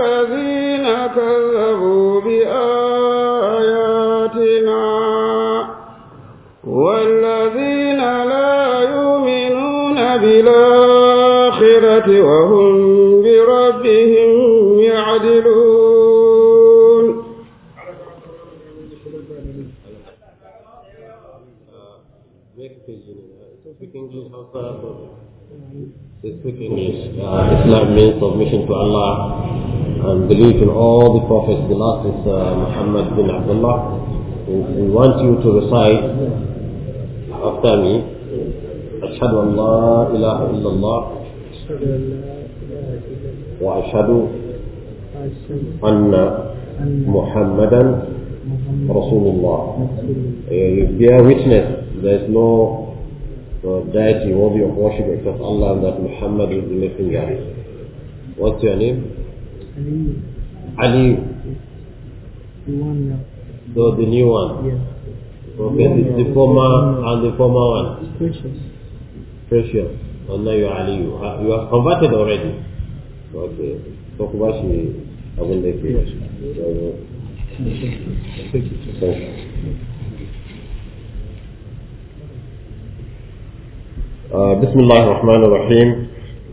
الذين كذبوا بآياتنا والذين لا يؤمنون بالآخرة وهم بربهم يعدلون Uh, Islam means submission to Allah and um, believe in all the prophets. The last is uh, Muhammad bin Abdullah. We want you to recite after me. أشهد أن لا إله إلا wa وأشهد أن محمدا رسول الله. You bear witness. There is no deity worthy of worship except Allah and that Muhammad is the messenger. What's your name? Ali. The one now. So the new one. Yeah. Okay, the, the, former and the former one. Precious. Precious. And now you are Ali. You have, you are converted already. Okay. Talk about she. I will let you. Thank you. Thank you. بسم الله الرحمن الرحيم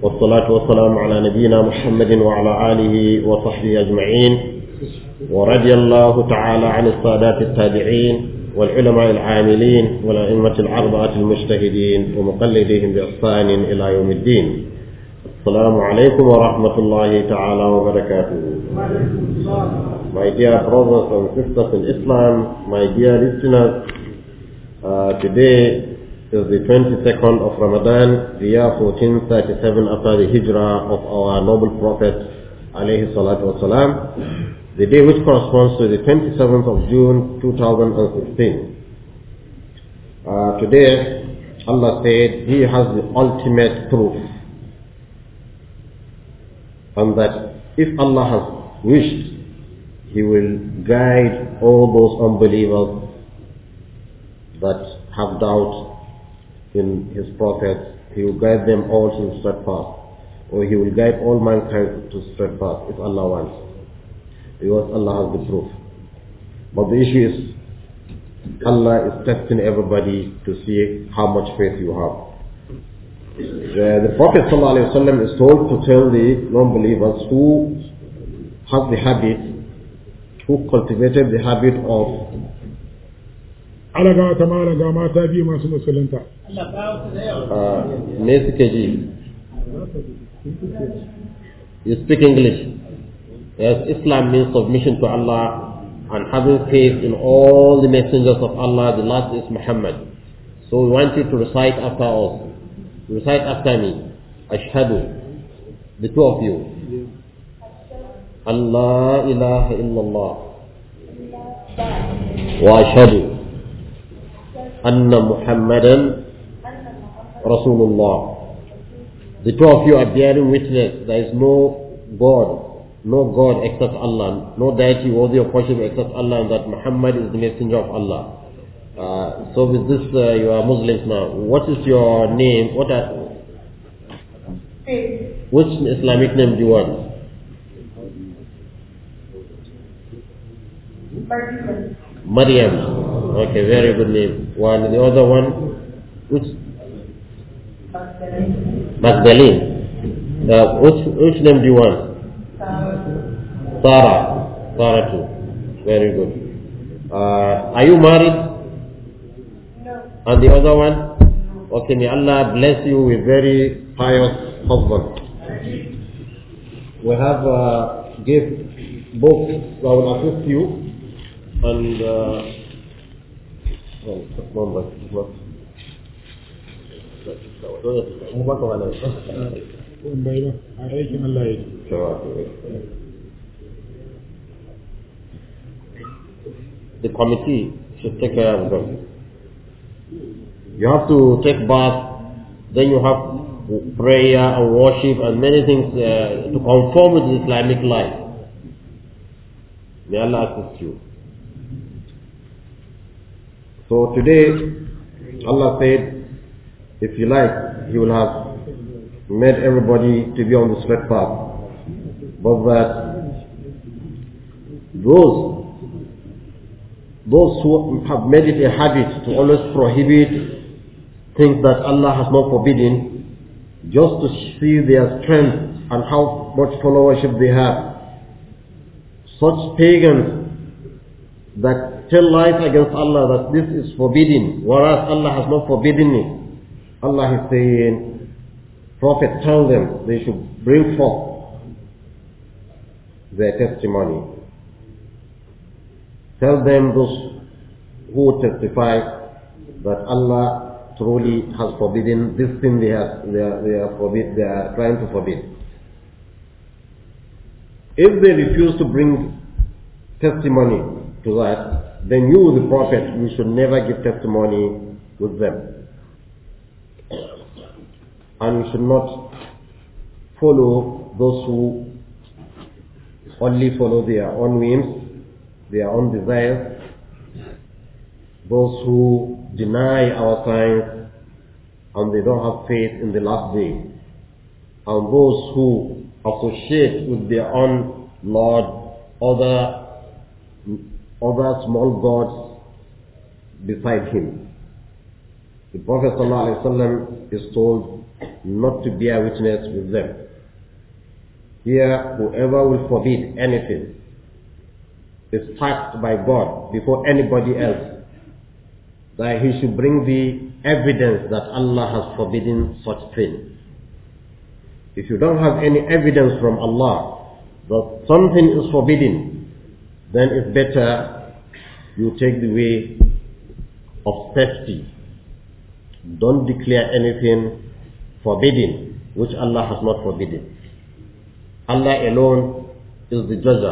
والصلاة والسلام على نبينا محمد وعلى آله وصحبه أجمعين ورضي الله تعالى عن السادات التابعين والعلماء العاملين والأئمة الأربعة المجتهدين ومقلديهم بإحسان إلى يوم الدين السلام عليكم ورحمة الله تعالى وبركاته My dear brothers and sisters in Islam, my dear listeners, uh, today It is the 22nd of Ramadan, the year 1437 after the hijrah of our noble prophet alayhi salatu wasalam, the day which corresponds to the 27th of June 2016. Uh, today, Allah said He has the ultimate proof and that if Allah has wished, He will guide all those unbelievers that have doubts in his prophets. He will guide them all to the straight path. Or he will guide all mankind to the straight path if Allah wants. Because Allah has the proof. But the issue is Allah is testing everybody to see how much faith you have. The, the Prophet ﷺ is told to tell the non-believers who has the habit, who cultivated the habit of alaga ga mata biyu masu musulunta me suke ji you speak english yes islam means submission to allah and having faith in all the messengers of allah the last is muhammad so we want you to recite after us recite after me ashhadu the two of you allah ilaha illallah Wa shaddu. أن Muhammadan Rasulullah. The two of you are bearing witness there is no God, no God except Allah, no deity worthy of worship except Allah, and that Muhammad is the messenger of Allah. Uh, so with this, uh, you are Muslims now. What is your name? What are, which Islamic name do you want? Maryam. Okay, very good name. One, the other one, which? Magdalene. Uh, which, which name do you want? Sarah. Sarah too. Very good. Uh, are you married? No. And the other one? Okay, may Allah bless you with very pious husband. We have a gift book that will assist you. And, uh, well, one left, just Move back The committee should take care of them. You have to take bath, then you have prayer and worship and many things uh, to conform with Islamic life. May Allah assist you. So today, Allah said, if you like, He will have made everybody to be on the straight path. But that those those who have made it a habit to always prohibit things that Allah has not forbidden, just to see their strength and how much followership they have. Such pagans that tell lies against Allah that this is forbidden, whereas Allah has not forbidden it. Allah is saying, Prophet, tell them they should bring forth their testimony. Tell them those who testify that Allah truly has forbidden this thing they, they, are, they, are, forbid, they are trying to forbid. If they refuse to bring testimony to that, they knew the Prophet, we should never give testimony with them. And we should not follow those who only follow their own whims, their own desires, those who deny our signs and they don't have faith in the last day, and those who associate with their own Lord other other small gods beside him. The Prophet ﷺ is told not to bear witness with them. Here, whoever will forbid anything is tasked by God before anybody else that he should bring the evidence that Allah has forbidden such thing. If you don't have any evidence from Allah that something is forbidden, then it's better you take the way of safety. Don't declare anything forbidden, which Allah has not forbidden. Allah alone is the judge.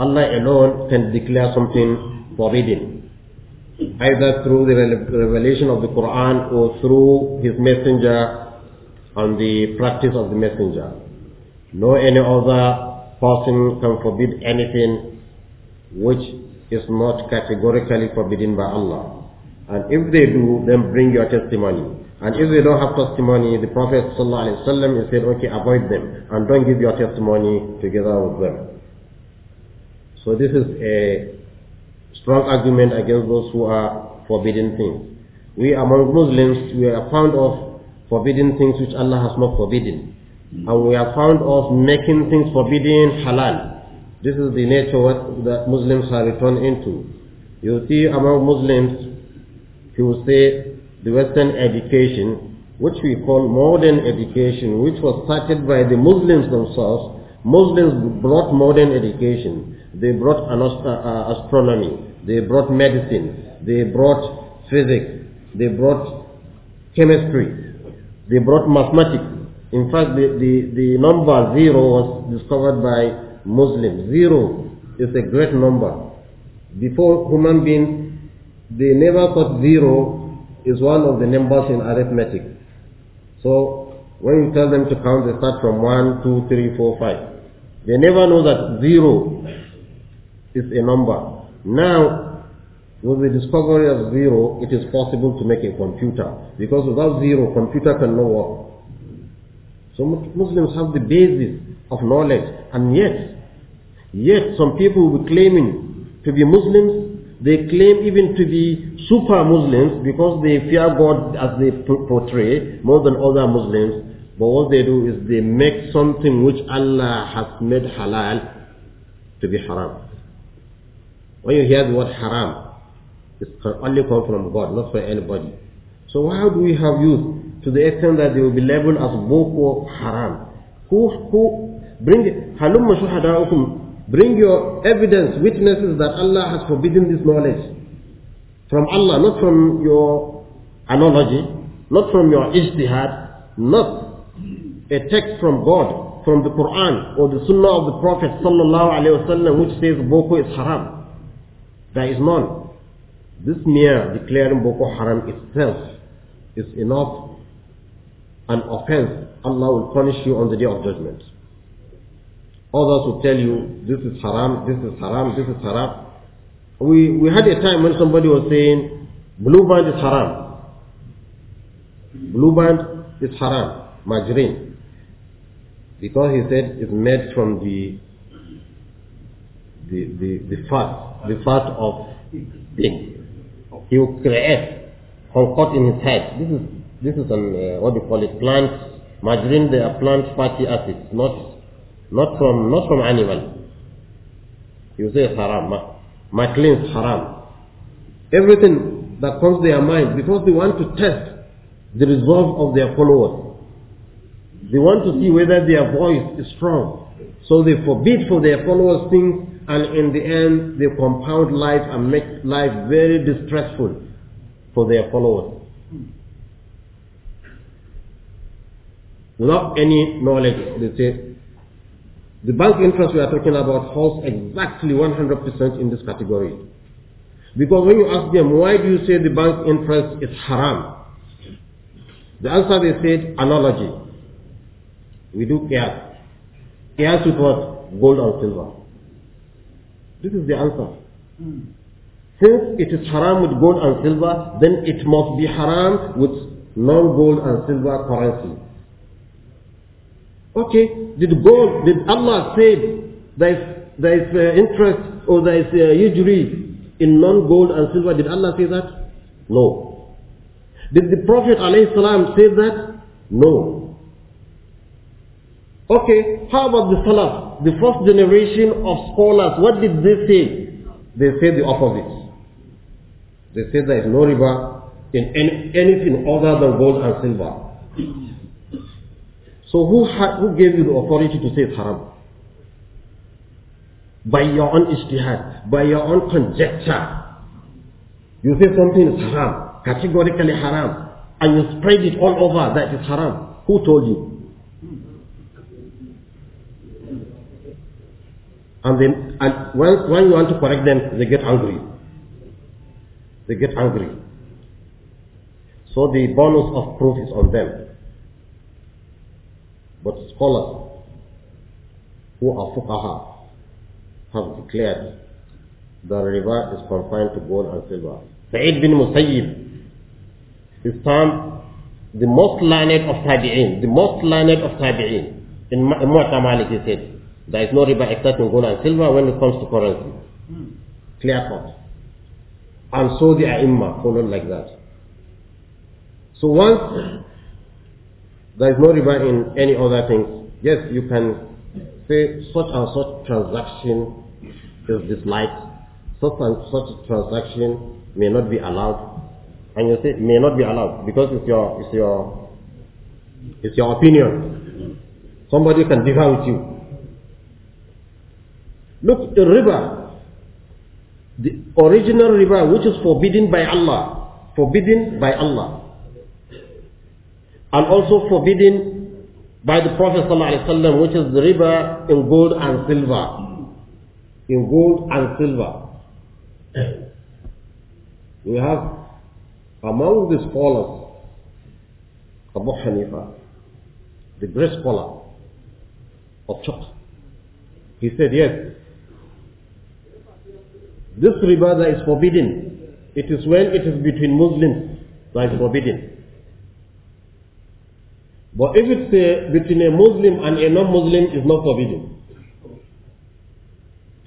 Allah alone can declare something forbidden, either through the revelation of the Quran or through His messenger and the practice of the messenger. No any other person can forbid anything which is not categorically forbidden by Allah. And if they do, then bring your testimony. And if they don't have testimony, the Prophet ﷺ said, okay, avoid them and don't give your testimony together with them. So this is a strong argument against those who are forbidding things. We among Muslims, we are fond of forbidding things which Allah has not forbidden and we are found of making things forbidden halal. This is the nature what the Muslims have returned into. You see among Muslims, you will say the Western education, which we call modern education, which was started by the Muslims themselves. Muslims brought modern education. They brought uh, uh, astronomy. They brought medicine. They brought physics. They brought chemistry. They brought mathematics in fact, the, the, the number zero was discovered by Muslims. Zero is a great number. Before human beings, they never thought zero is one of the numbers in arithmetic. So when you tell them to count, they start from one, two, three, four, five. They never know that zero is a number. Now, with the discovery of zero, it is possible to make a computer. Because without zero, computer can no work. So Muslims have the basis of knowledge. And yet, yet some people will be claiming to be Muslims. They claim even to be super Muslims because they fear God as they portray more than other Muslims. But what they do is they make something which Allah has made halal to be haram. When you hear the word haram, it can only come from God, not from anybody. So why do we have youth to the extent that they will be labeled as Boko Haram. Who, who bring, halumma shuhada'ukum, bring your evidence, witnesses that Allah has forbidden this knowledge. From Allah, not from your analogy, not from your ijtihad, not a text from God, from the Quran or the Sunnah of the Prophet sallallahu alaihi wasallam, which says Boko is haram. There is none. This mere declaring Boko Haram itself is enough an offense, Allah will punish you on the day of judgment. Others will tell you, this is haram, this is haram, this is haram. We, we had a time when somebody was saying, blue band is haram. Blue band is haram, margarine. Because he said it's made from the, the, the, the fat, the fat of pig. He will create, concoct in his head. This is this is an, uh, what they call it, plant, margarine, they are plant fatty acids, not, not from, not from animal. You say haram, maclean's haram. Everything that comes to their mind, because they want to test the resolve of their followers. They want to see whether their voice is strong. So they forbid for their followers things and in the end they compound life and make life very distressful for their followers. without any knowledge, they say, the bank interest we are talking about falls exactly 100% in this category. Because when you ask them, why do you say the bank interest is haram? The answer they said, analogy. We do care, care with what? Gold and silver. This is the answer. Since it is haram with gold and silver, then it must be haram with non-gold and silver currency. Okay, did God, did Allah say there is, there is uh, interest or there is uh, usury in non-gold and silver? Did Allah say that? No. Did the Prophet ﷺ say that? No. Okay, how about the Salaf, the first generation of scholars? What did they say? They said the opposite. They said there is no riba in any, anything other than gold and silver. So who, who gave you the authority to say it's haram? By your own ijtihad, by your own conjecture. You say something is haram, categorically haram, and you spread it all over that it's haram. Who told you? And then, and when, when you want to correct them, they get angry. They get angry. So the bonus of proof is on them. But scholars who are fuqaha have declared the riba is confined to gold and silver. Sa'id bin Musayyib is termed the most learned of tabi'in, the most learned of tabi'in. In Mu'ta Malik he said, there is no riba except in gold and silver when it comes to currency. Hmm. Clear cut. And so the ai am followed like that. So once there is no riba in any other thing. Yes, you can say such and such transaction is disliked. Such and such transaction may not be allowed. And you say may not be allowed because it's your it's your it's your opinion. Somebody can differ with you. Look, the river, the original river, which is forbidden by Allah, forbidden by Allah and also forbidden by the Prophet ﷺ, which is the riba in gold and silver. In gold and silver. we have among the scholars Abu Hanifa, the great scholar of Chok. He said, yes, this riba that is forbidden, it is when it is between Muslims that is forbidden. But if it's a, uh, between a Muslim and a non-Muslim, it's not forbidden.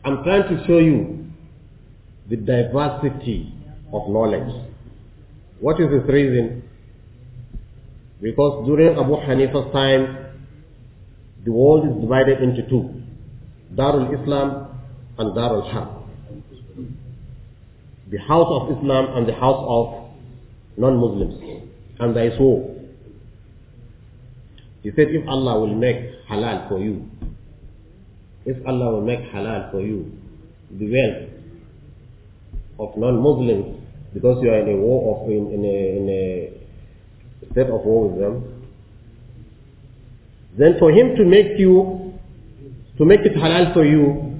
I'm trying to show you the diversity of knowledge. What is this reason? Because during Abu Hanifa's time, the world is divided into two, Darul Islam and Darul Harb. The house of Islam and the house of non-Muslims. And there is war. He said, if Allah will make halal for you, if Allah will make halal for you, the wealth of non-Muslims, because you are in a war of, in, in, a, in a state of war with them, then for him to make you, to make it halal for you,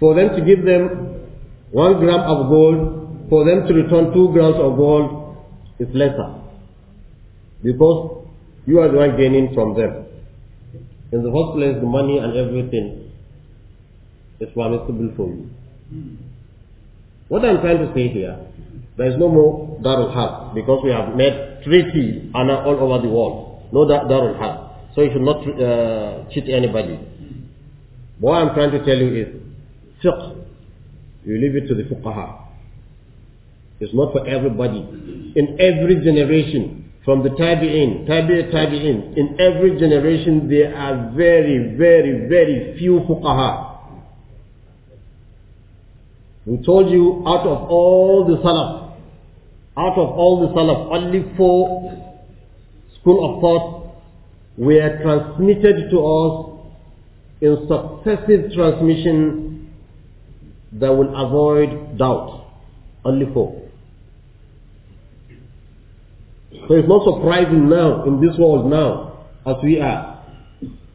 for them to give them one gram of gold, for them to return two grams of gold, is lesser. Because you are not gaining from them. In the first place, the money and everything is permissible for you. What I'm trying to say here, there is no more Darul Harb because we have made treaty all over the world. No Darul Harb. So you should not uh, cheat anybody. But what I'm trying to tell you is, fiqh, you leave it to the fuqaha. It's not for everybody. In every generation, from the tabi'in, tabi' tabi'in. In every generation there are very, very, very few fuqaha. We told you out of all the salaf, out of all the salaf, only four school of thought were transmitted to us in successive transmission that will avoid doubt. Only four. So it's not surprising now, in this world now, as we are.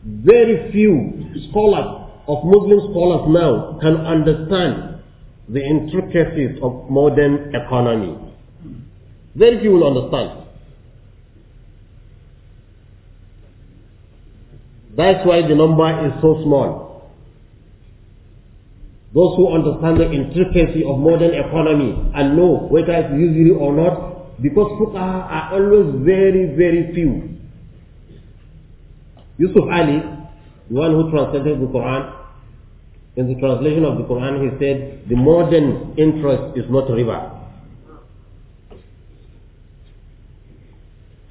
Very few scholars of Muslim scholars now can understand the intricacies of modern economy. Very few will understand. That's why the number is so small. Those who understand the intricacy of modern economy and know whether it's usually or not, because fuqaha are always very, very few. Yusuf Ali, the one who translated the Quran, in the translation of the Quran he said, the modern interest is not river.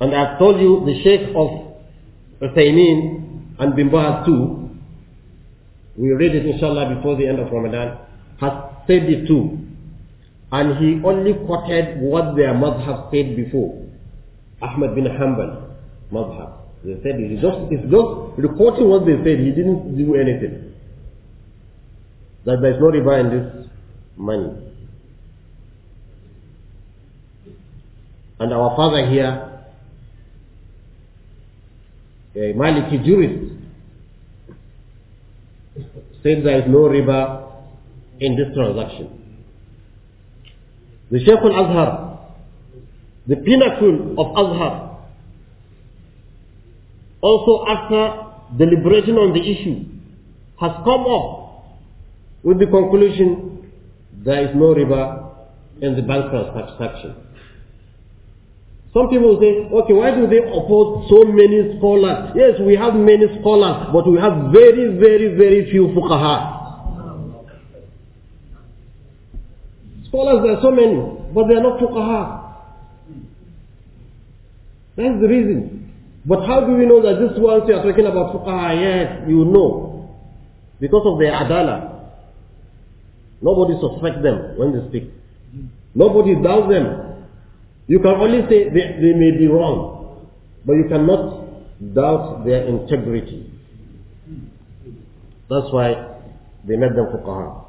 And I've told you the Sheikh of Uthaymeen and Bimbaz too, we read it inshallah before the end of Ramadan, has said it too and he only quoted what their madhab said before. Ahmad bin Hanbal, madhab. They said he just, he's just reporting what they said, he didn't do anything. That there is no riba in this money. And our father here, a Maliki jurist, said there is no riba in this transaction. The Shaykh al-Azhar, the pinnacle of Azhar, also after deliberation on the issue, has come up with the conclusion there is no riba in the bank transaction. Some people say, okay, why do they oppose so many scholars? Yes, we have many scholars, but we have very, very, very few fuqaha. Scholars, there are so many, but they are not fuqaha. That's the reason. But how do we know that this ones you are talking about fuqaha? Yes, you know. Because of their adala. Nobody suspects them when they speak. Nobody doubts them. You can only say they, they may be wrong, but you cannot doubt their integrity. That's why they made them fuqaha.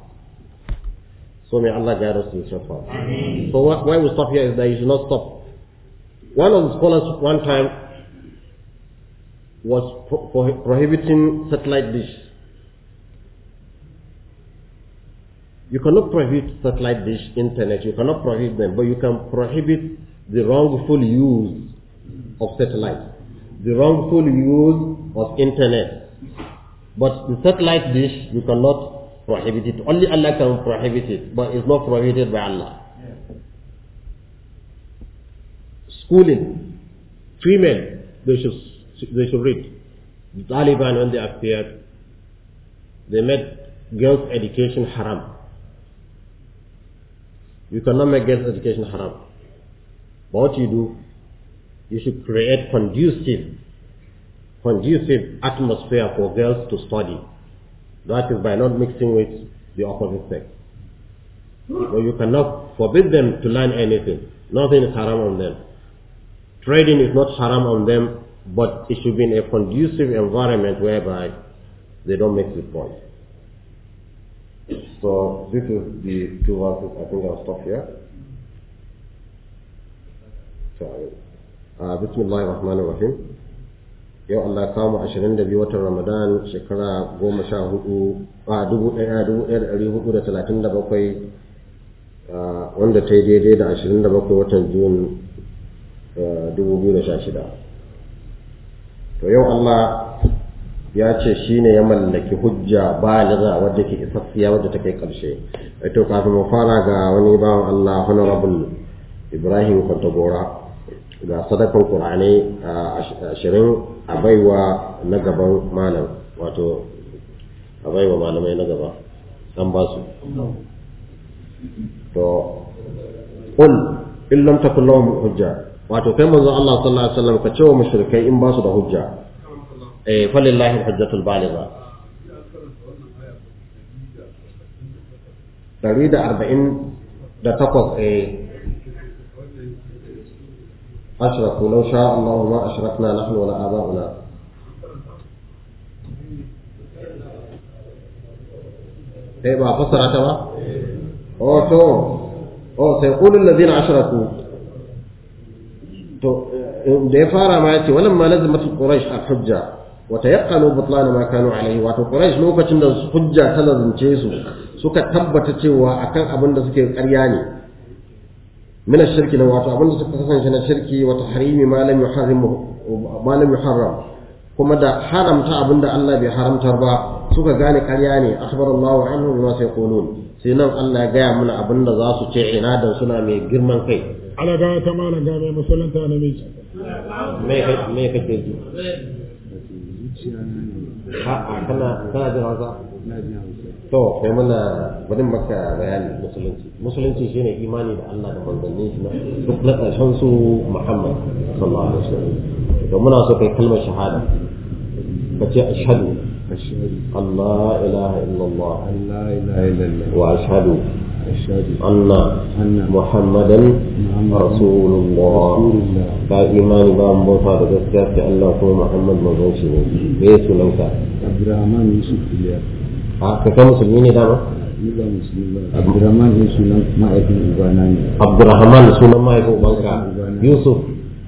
So may Allah guide us in shortfall. So why we stop here is that you should not stop. One of the scholars one time was pro pro prohibiting satellite dish. You cannot prohibit satellite dish, internet, you cannot prohibit them, but you can prohibit the wrongful use of satellite, the wrongful use of internet. But the satellite dish, you cannot prohibited. Only Allah can prohibit it, but it's not prohibited by Allah. Schooling, female, they should they should read. The Taliban when they appeared, they made girls' education haram. You cannot make girls' education haram. But what you do, you should create conducive, conducive atmosphere for girls to study. That is by not mixing with the opposite sex. So you cannot forbid them to learn anything. Nothing is haram on them. Trading is not haram on them, but it should be in a conducive environment whereby they don't mix with boys. So this is the two verses. I think I'll stop here. Sorry. uh, Bismillah ar-Rahman yau Allah kama 22 watan Ramadan shekara 14 a 1437 wanda ta yi daidai da 27 watan Jun 2016 to yau Allah ya ce shi ne ya mallaki hujja ba baliga wadda ke isassiya wadda ta kai ƙarshe to kafin mu fara ga wani bawan Allah honorable Ibrahim Kwantagora ga sadakan a 20 a baiwa na gaban malam wato a baiwa malamai na gaba an ba su to kul in lam takun lahum hujja wato kai manzo Allah sallallahu alaihi wasallam ka ce wa mushrikai in ba su da hujja eh falillahi hujjatul baligha 148 eh أشركوا لو شاء الله ما أشركنا نحن ولا آباؤنا إيه ما فسرت ما أو تو أو سيقول الذين أشركوا تو da ya fara ma yace wannan ma lazimatul quraish al hujja wa tayaqqanu butlan ma kanu alayhi wato quraish lokacin da hujja ta lazimce su suka tabbata cewa akan abin da suke ƙarya ne min shirki na wato abinda suka kasance na shirki wa tahrimi ma lam yuharrimu ma lam yuharram kuma da haramta abinda Allah bai haramtar ba suka gane karya ne akhbarallahu anhu bima sayqulun sai nan Allah ya gaya mana abinda za su ce ina da suna mai girman kai ala ga ta malam ga mai to kai muna bari maka bayani musulunci musulunci shine imani da Allah da manzannin shi duk na karshen su Muhammad sallallahu alaihi wasallam to muna so kai kalmar shahada ka ce ashhadu Allah ilaha illallah Allah ilaha illallah wa ashhadu أن محمدا رسول الله ka imani ba mu bauta da gaskiya sai Allah kuma Muhammad manzon shi ne me yake nan ka Abdurrahman Yusuf Iliyas a ka kai musulmi ne dama abdurrahman ne sunan ma'aikin ubana ne abdurrahman sunan ma'aikin ubanka yusuf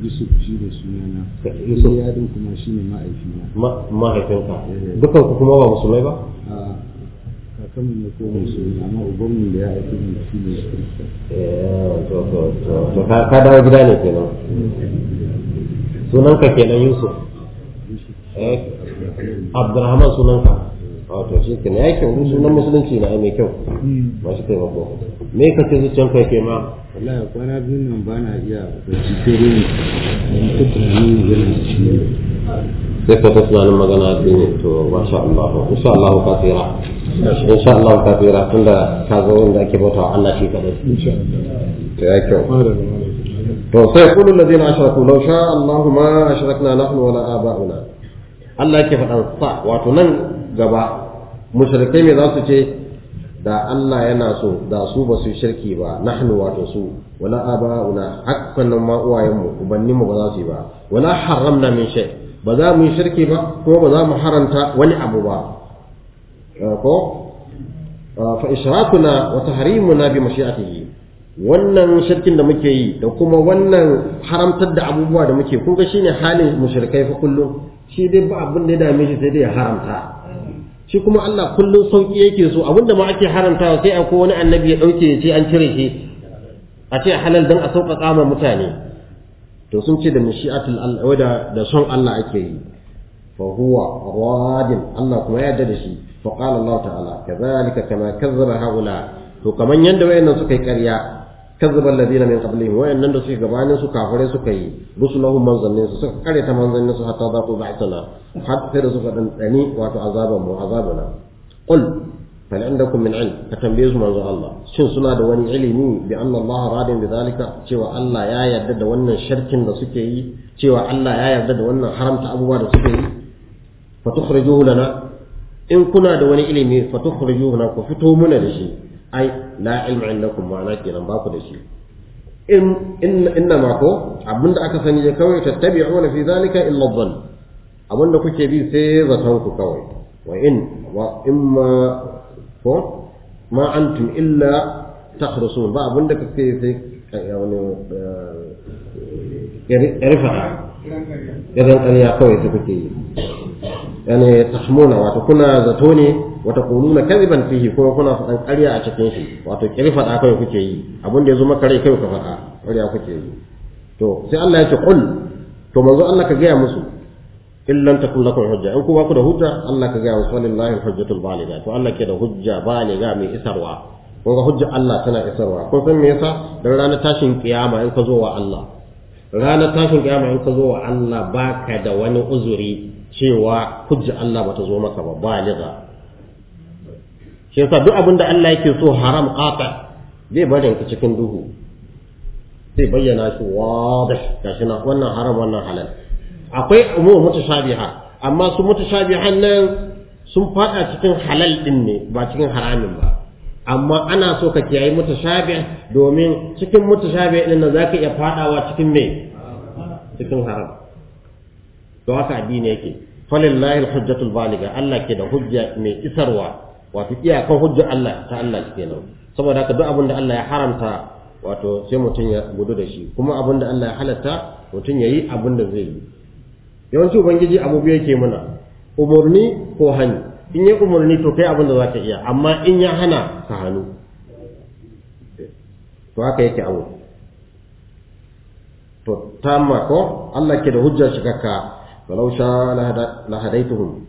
yusuf shi da sunana yusuf yadin kuma shi ne ma'aikina ma'aikinka eh. dukan ku kuma ba musulmai ba kakanmu ne ko musulmi amma ubanmu da ya aiki ne. shi ne eh, to to to ka dawo gida ne kenan sunanka kenan yusuf eh abdurrahman sunanka a ah, shi ke na ya kyau sunan musulunci na mai kyau ba shi kai mako me ka ce zuciyan kai ke ma wallahi kwana biyu nan ba na iya bacci sai dai ne ta tunani yana ciwo sai ka ta tunanin magana ɗin ne to masha Allah insha Allah ka tsira insha Allah ka tsira tunda ka zo wanda ake bautawa Allah shi kadai insha Allah ya kyau وسيقول الذين أشركوا لو شاء الله ما أشركنا نحن ولا آباؤنا Allah yake faɗan sa wato nan gaba mushrikai me za su ce da Allah yana so da su ba su shirki ba nahnu wato su wala aba'una hakkan nan ma uwayen mu ubanni mu ba za su yi ba wala haramna min shay ba za mu yi shirki ba kuma ba za mu haranta wani abu ba eh, ko eh, fa ishrakuna wa tahrimuna bi mashi'atihi wannan shirkin da muke yi da kuma wannan haramtar da abubuwa da muke kun ga shine halin mushrikai fa kullum shi dai ba abin da ya dame shi sai dai ya haramta shi kuma Allah kullum sauki yake so abinda ma ake haramtawa sai a wani annabi ya dauke ya ce an cire shi a ce halal dan a sauƙaƙa ma mutane to sun ce da mashi'atul Allah da da son Allah ake yi fa huwa radin Allah kuma ya yarda da shi fa qala Allah ta'ala kazalika kama kazzaba haula to kaman yanda wayannan suka yi ƙarya kazzaba alladhina min qablihim wayannan da suke gabanin su kafare suka yi rusulahum manzannin su suka kare ta manzannin su hatta za ku ba'tana har sai da suka dan dani wato azaban mu azabana qul fal indakum min ilm ka tambaye su manzo Allah shin suna da wani ilimi bi anna Allah radin bi zalika cewa Allah ya yarda da wannan shirkin da suke yi cewa Allah ya yarda da wannan haramta abubuwa da suke yi fa tukhrijuhu lana in kuna da wani ilimi fa tukhrijuhu lana ku fito muna da shi أي لا علم عندكم معنى كنا باكو دشي إن إن إنما كو عبنا أكثر يكوي تتبعون في ذلك إلا الظن أبونا كوي بي سيزة تنكو كوي وإن وإما ما أنتم إلا تخرصون بقى أبونا كوي سي يعني آه، يعني أرفع يعني أن يكوي سكوي يعني تحمونا وتكون زتوني wata kuluna kadiban fihi kuma kuna faɗan ƙarya a cikin shi wato ƙiri faɗa kai kuke yi abin da ya zo maka rai kai ka faɗa ƙarya kuke yi to sai Allah ya ce qul to manzo Allah ka gaya musu illan takun lakum hujja in ku ba ku da hujja Allah ka gaya musu wallahi hujjatul baliga. to Allah ke da hujja baliga mai isarwa kun ga hujjar Allah tana isarwa kun san me yasa dan ranar tashin kiyama in ka zo wa Allah ranar tashin kiyama in ka zo wa Allah baka da wani uzuri cewa hujja Allah bata zo maka ba baliga. shi yasa duk abin da Allah yake so haram qata zai barin ka cikin duhu zai bayyana shi wadih gashi na wannan haram wannan halal akwai umur mutashabiha amma su mutashabihan nan sun fada cikin halal din ne ba cikin haramin ba amma ana so ka kiyaye mutashabih domin cikin mutashabih din nan zaka iya fadawa cikin me cikin haram to haka addini yake falillahi alhujjatul baligha Allah ke da hujja mai isarwa wato iyakan hujjar Allah ta Allah kenan saboda haka duk abin da Allah ya haramta wato sai mutum ya gudu da shi kuma abin da Allah ya halatta mutum ya yi abin da zai yi yawanci ubangiji abu biyu yake muna umarni ko hani in ya umarni to kai abin da za iya amma in ya hana ka hannu to haka yake abu to tamma ko Allah ke da hujjar shi kakka walau sha la hadaituhum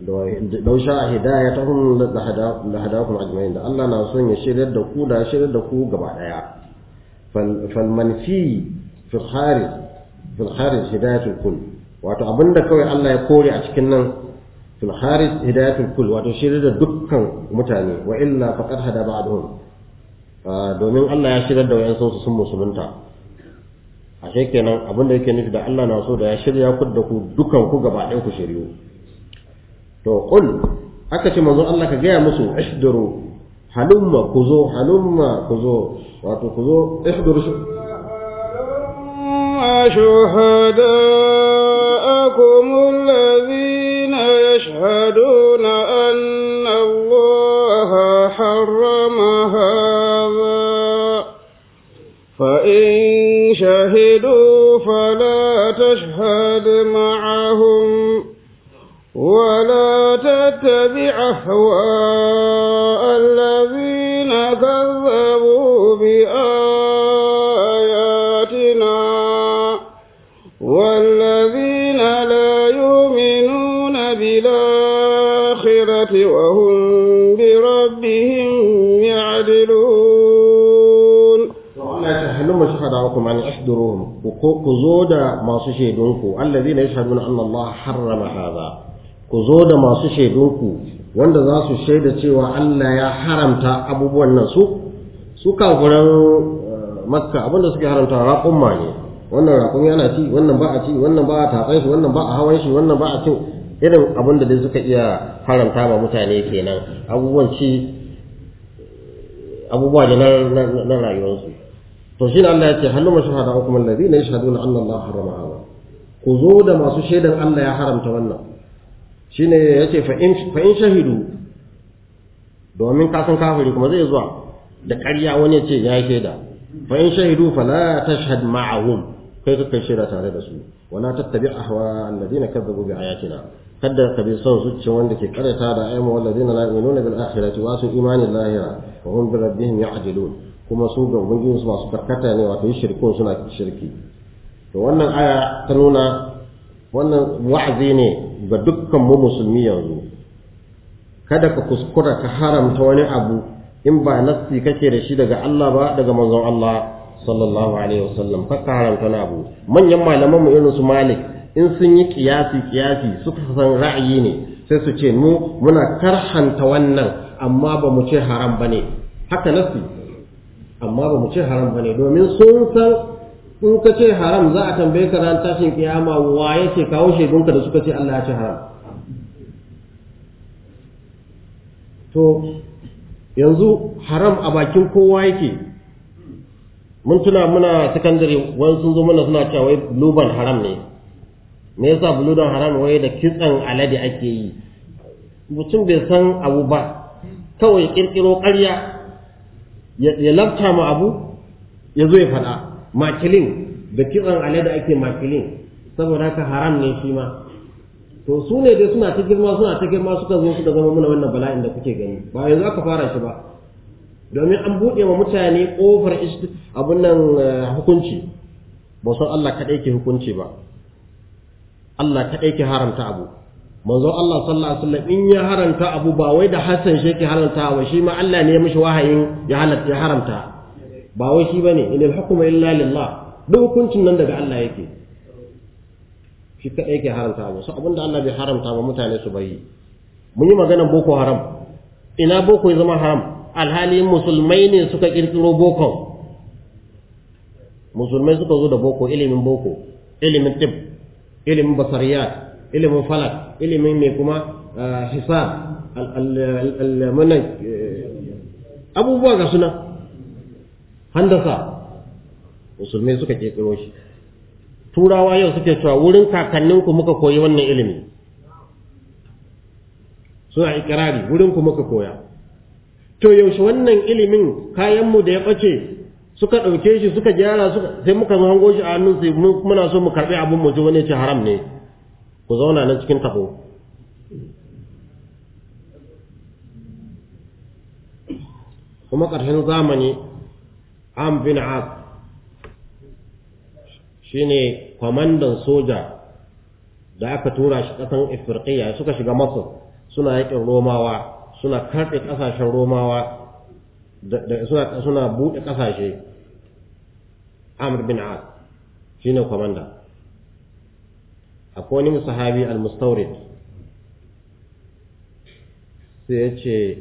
a لو شاء هدايتهم لهداكم أجمعين ده الله ناسون يشير الدكو da يشير da قبع ديا فالمنفي في الخارج في الخارج هداية الكل wato abinda kawai Allah ya kore a cikin nan fil kharij hidayatul kull wato shirya da dukkan mutane wa illa faqad hada ba'dhum domin Allah ya shirya da wayan su sun musulunta ashe kenan abinda yake nufi da Allah na so da ya shirya ku da ku dukkan ku gaba ɗaya ku shirya. to qul haka ce manzo Allah ka gaya musu ihduru halumma kuzo zo halumma ku zo wato ku zo ihduru شهداءكم yashhaduna anna أن harrama hadha fa in shahidu fala tashhad ma'ahum ولا تتبع أهواء الذين كذبوا بآياتنا والذين لا يؤمنون بالآخرة وهم بربهم يعدلون لما شهداكم أن احضروهم وقوقوا زودا ما سشهدونكم الذين يشهدون أن الله حرم هذا ku zo da masu shaidunku wanda za su shaida cewa Allah ya haramta abubuwan nan su su kafiran eh, makka abinda suke haramta raƙumma ne wannan raƙum yana ci wannan ba a ci wannan ba a tatsan shi wannan ba a hawan shi wannan ba a cin irin abin da suka iya haramta ma mutane kenan abubuwan ci abubuwa ne na rayuwarsu to shi Allah ya ce hannu mashi hada hukumar lazi na yi shahadu na Allah harama ku zo da masu shaidan Allah ya haramta wannan shine yace fa in fa in shahidu domin kasan kafiri kuma zai zuwa da ƙarya wani ya ce ya shaida fa in shahidu fala tashhad ma'ahum kai ka kai shaida tare da su wala tattabi ahwa alladina kazzabu bi ayatina kadda ka bi son zuciya wanda ke karanta da ayyama walladina la yu'minuna bil akhirati wa wasu imani lahira wa hum bi rabbihim ya'dilun kuma su ga ubangijin su masu karkata ne wato shirkun suna shirki to wannan aya ta nuna wannan wa'azi ne ga dukkan mu musulmi yanzu kada ka kuskura ka haramta wani abu in ba nassi kake da shi daga Allah ba daga manzon Allah sallallahu alaihi wasallam ka haramta wani abu manyan malaman mu irin su Malik in sun yi kiyasi kiyasi suka san ra'ayi ne sai su ce mu muna karhanta wannan amma ba mu ce haram bane haka nassi amma ba mu ce haram bane domin sun san in ka ce haram za a tambaye ka ran tashin kiyama wa yake kawo shaidunka da suka ce Allah ya ce haram to yanzu haram a bakin kowa yake mun tuna muna sakandare wani sun zo mana suna cewa wai bluban haram ne me yasa bluban haram wai da kitsan alade ake yi mutum bai san abu ba kawai kirkiro ƙarya ya lafta ma abu ya zo ya faɗa makilin da kitson da ake makilin saboda haka haram ne shi ma to su ne dai suna ta girma suna ta girma suka zo suka zama muna wannan bala'in da kuke gani ba yanzu aka fara shi ba domin an buɗe wa mutane ƙofar abun nan eh, hukunci ba san Allah kaɗai ke hukunci ba Allah kaɗai ke haramta abu manzo Allah sallallahu alaihi wasallam in ya haramta abu ba wai da Hassan shi yake haramta ba shi ma Allah ne ya mishi wahayin ya haramta ba wai shi bane inal hukuma illa lillah duk hukuncin nan daga Allah yake shi kadai yake haramta ba su abinda Allah bai haramta ba mutane su bayi mun yi magana boko haram ina boko ya zama haram alhali musulmai ne suka kirkiro bokon musulmai suka zo da boko ilimin boko ilimin tib ilimin basariyat ilimin falak ilimin mai kuma hisab al abubuwa ga suna handasa musulmai suka ƙirƙiro shi turawa yau suke cewa wurin kakanninku muka koyi wannan ilimi suna ikirari wurinku muka koya to yaushe wannan ilimin kayanmu da ya ɓace suka ɗauke shi suka gyara suka sai muka hango shi a hannun sai muna so mu karɓi abin mu ji wani ce haram ne ku zauna nan cikin taɓo kuma ƙarshen zamani am bin as shine kwamandan soja da aka tura shi ƙasan ifirƙiya suka shiga masar suna yakin romawa suna karɓe ƙasashen romawa suna buɗe ƙasashe amr bin as shine kwamanda akwai wani sahabi al-mustawrid sai ya ce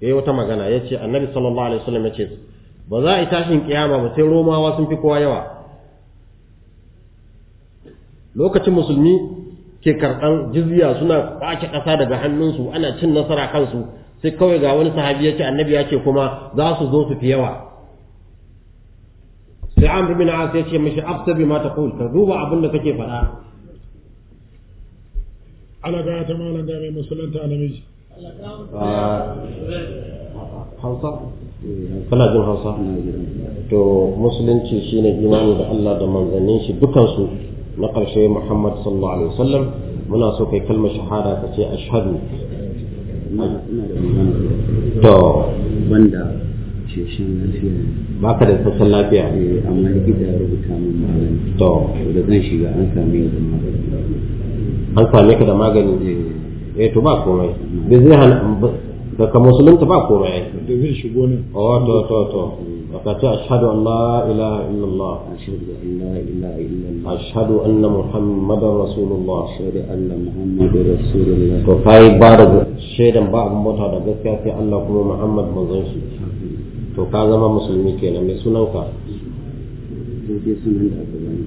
ya yi wata magana ya ce annabi sallallahu alaihi wasallam ya ce ba za a yi tashin kiyama ba sai romawa sun fi kowa yawa lokacin musulmi ke karɓan jizya suna ɓace ƙasa daga hannunsu ana cin nasara kansu sai kawai ga wani sahabi ya ce annabi ya ce kuma za su zo su fi yawa sai an bin a sai ce mishi afsabi mata kawai ka duba abin da kake faɗa kana jin hausa to musulunci shine imani da Allah da manzannin shi dukansu na ƙarshe Muhammad sallallahu alaihi wasallam muna so kai kalmar shahada ka ce ashhadu to banda ceshin lafiya ba ka da sassan lafiya eh, amma rubuta min magani to da zan shiga an same da magani an ka da magani eh, eh to ba komai zai da ka musulunta ba komai ai da zai shigo oh, to to aka ce ashhadu an la ilaha illallah ashhadu an la ilaha illallah ashhadu anna muhammadar rasulullah ashhadu anna muhammadar rasulullah to ba da shaidan ba abin bauta da gaskiya sai Allah kuma muhammad manzon shi to ka zama musulmi kenan mai sunan ka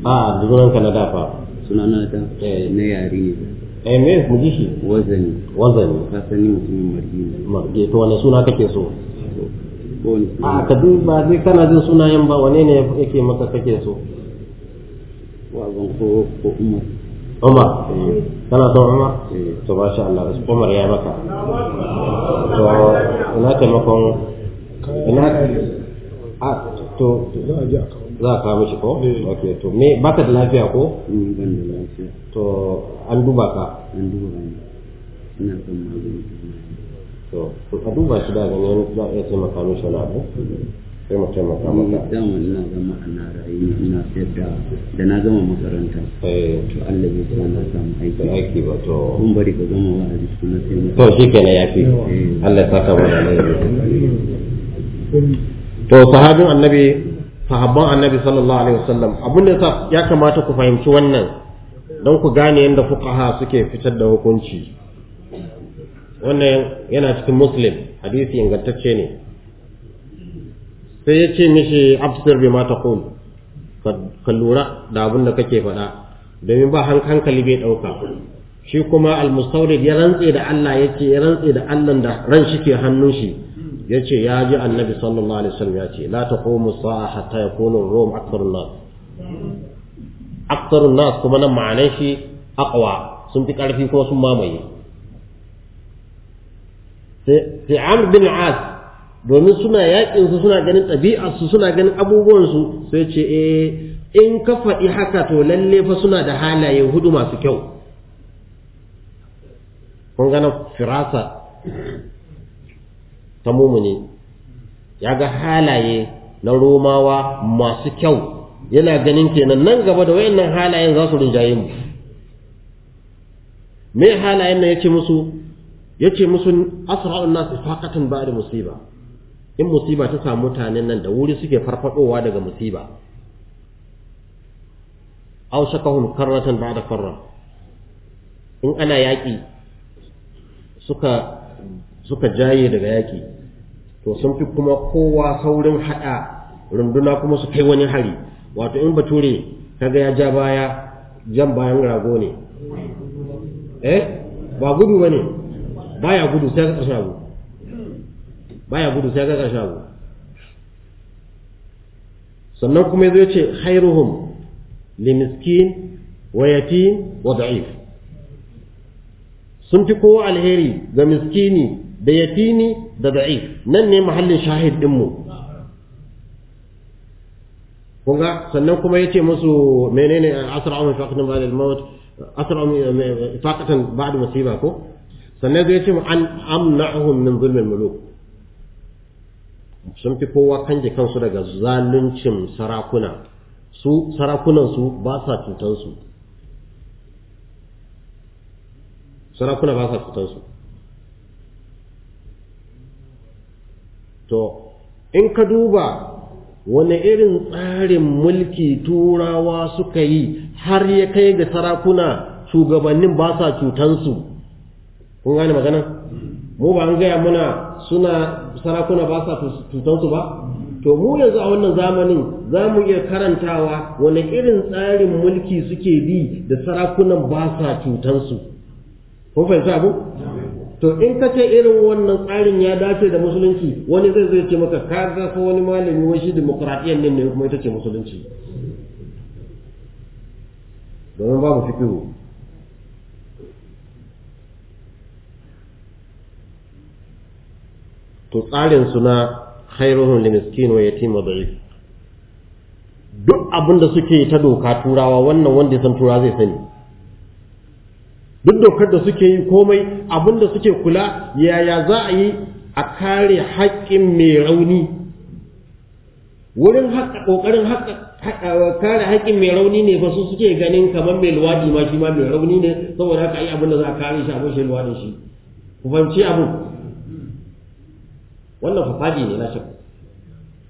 a dafa na yare ne eh me mu ji shi wazani wazani ka sani to wani suna kake so a ka duba dai kana jin sunayen ba wane ne yake maka kake so wazan ko ko umar umar eh. kana so umar eh. to ba sha Allah umar ya maka to ina ina a to za a ji a za a kawo shi ko eh. ok to me baka da lafiya ko ban da to an duba ka an duba ni ina kan magani to ko ka duba shi da ganin za a iya taimaka mishi wani abu sai mu taimaka maka dama ina zama ana ra'ayi ina sayar da da na gama makaranta eh. to Allah bai sa na samu aiki aiki ba to kun bari ka gama wa'azi kuma sai mu to shikenan yafi eh. Allah ya saka mana ne to sahabin annabi sahabban annabi sallallahu alaihi wasallam abin da yasa ya kamata ku fahimci wannan don ku gane yadda fuqaha suke fitar da hukunci wannan yana cikin muslim hadisi ingantacce ne sai ya ce mishi absir bi ma taqul ka lura da abin da kake faɗa domin ba hankali bai ɗauka shi kuma al-mustawrid ya rantse da Allah yace ya rantse da Allah da ran shi ke hannun shi yace ya ji annabi sallallahu alaihi wasallam ya ce la taqumu sa'a hatta yakunu rum aktharun nas aktharun nas kuma nan ma'anar shi aqwa sun fi karfi ko sun mamaye sai amr bin as domin suna yakin su suna ganin ɗabi'ar su suna ganin abubuwan su sai ce eh in ka faɗi haka to lalle fa suna da halaye hudu masu kyau kun ga firasa ta mumuni ya ga halaye na romawa masu kyau yana ganin kenan nan gaba da wayannan halayen za su rinjaye mu me halayen nan yace musu yace musu asra'un nas faqatan ba'da musiba in musiba ta samu mutanen nan da wuri suke farfadowa daga musiba aw shakahum karratan ba'da karra in ana yaki suka suka jaye daga yaki to sun fi kuma kowa saurin haɗa runduna kuma su kai wani hari wato in bature kaga ya ja baya jan bayan rago ne eh ba gudu ba ne baya gudu sai ka ƙarshen baya gudu sai ka ƙarshen sannan kuma ya zo ce khairuhum li miskin wa yatim wa da'if sun fi kowa alheri ga miskini da yatini da da'if nan ne mahallin shahid mu kunga sannan kuma yace musu menene asra'u min faqatin ba'da al-maut asra'u min faqatan ba'da musiba ko sannan zai ce an amna'uhum min zulm al-muluk sun fi kowa kanje kansu daga zaluncin sarakuna su sarakunan su ba sa cutansu sarakuna ba sa cutansu to in ka duba wani irin tsarin mulki turawa suka yi har ya kai ga sarakuna shugabannin ba sa cutansu kun gane magana mu ba an gaya muna suna sarakuna ba sa cutansu ba to mu yanzu a wannan zamanin za mu iya karantawa wani irin tsarin mulki suke bi da sarakunan ba sa cutansu kun fahimta abu to in ka ce irin wannan tsarin ya dace da musulunci wani zai zai ce maka ka zafa wani malami wani shi demokradiyyar ne kuma ita ce musulunci domin babu fikihu to tsarin suna na limiskin wa yatim wa da'if duk abin da suke ta doka turawa wannan wanda ya san turawa zai sani duk dokar da suke yi komai abin da suke kula yaya za a yi a kare haƙƙin mai rauni wurin ƙoƙarin kare haƙƙin mai rauni ne ba su suke ganin kamar mai luwaɗi ma shi ma mai rauni ne saboda haka yi abin da za a kare shi a shi luwaɗin shi ku fahimci abin wannan fafaji ne na shi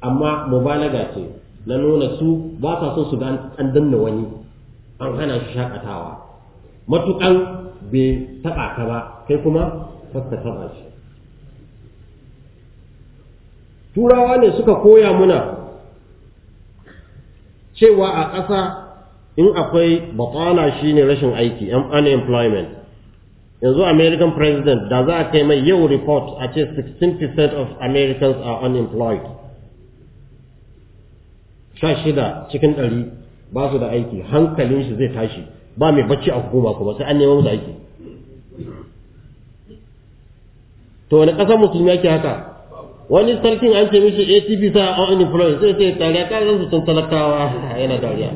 amma mubalaga ce na nuna su ba sa so su ga an danna wani an hana shi shakatawa matuƙan bai taɓa ta ba kai kuma kakka taɓa shi turawa ne suka koya muna cewa a ƙasa in akwai batala shine rashin aiki unemployment yanzu american president da za a kai mai yau report a ce 16% of americans are unemployed sha shida cikin ɗari ba su da aiki hankalin shi zai tashi ba mai bacci a hukuma kuma sai an nema musu aiki to wani ƙasar musulmi ake haka wani sarkin an ce mishi ATP sa a wani influence sai sai tare ka zan su talakawa talakawa yana dariya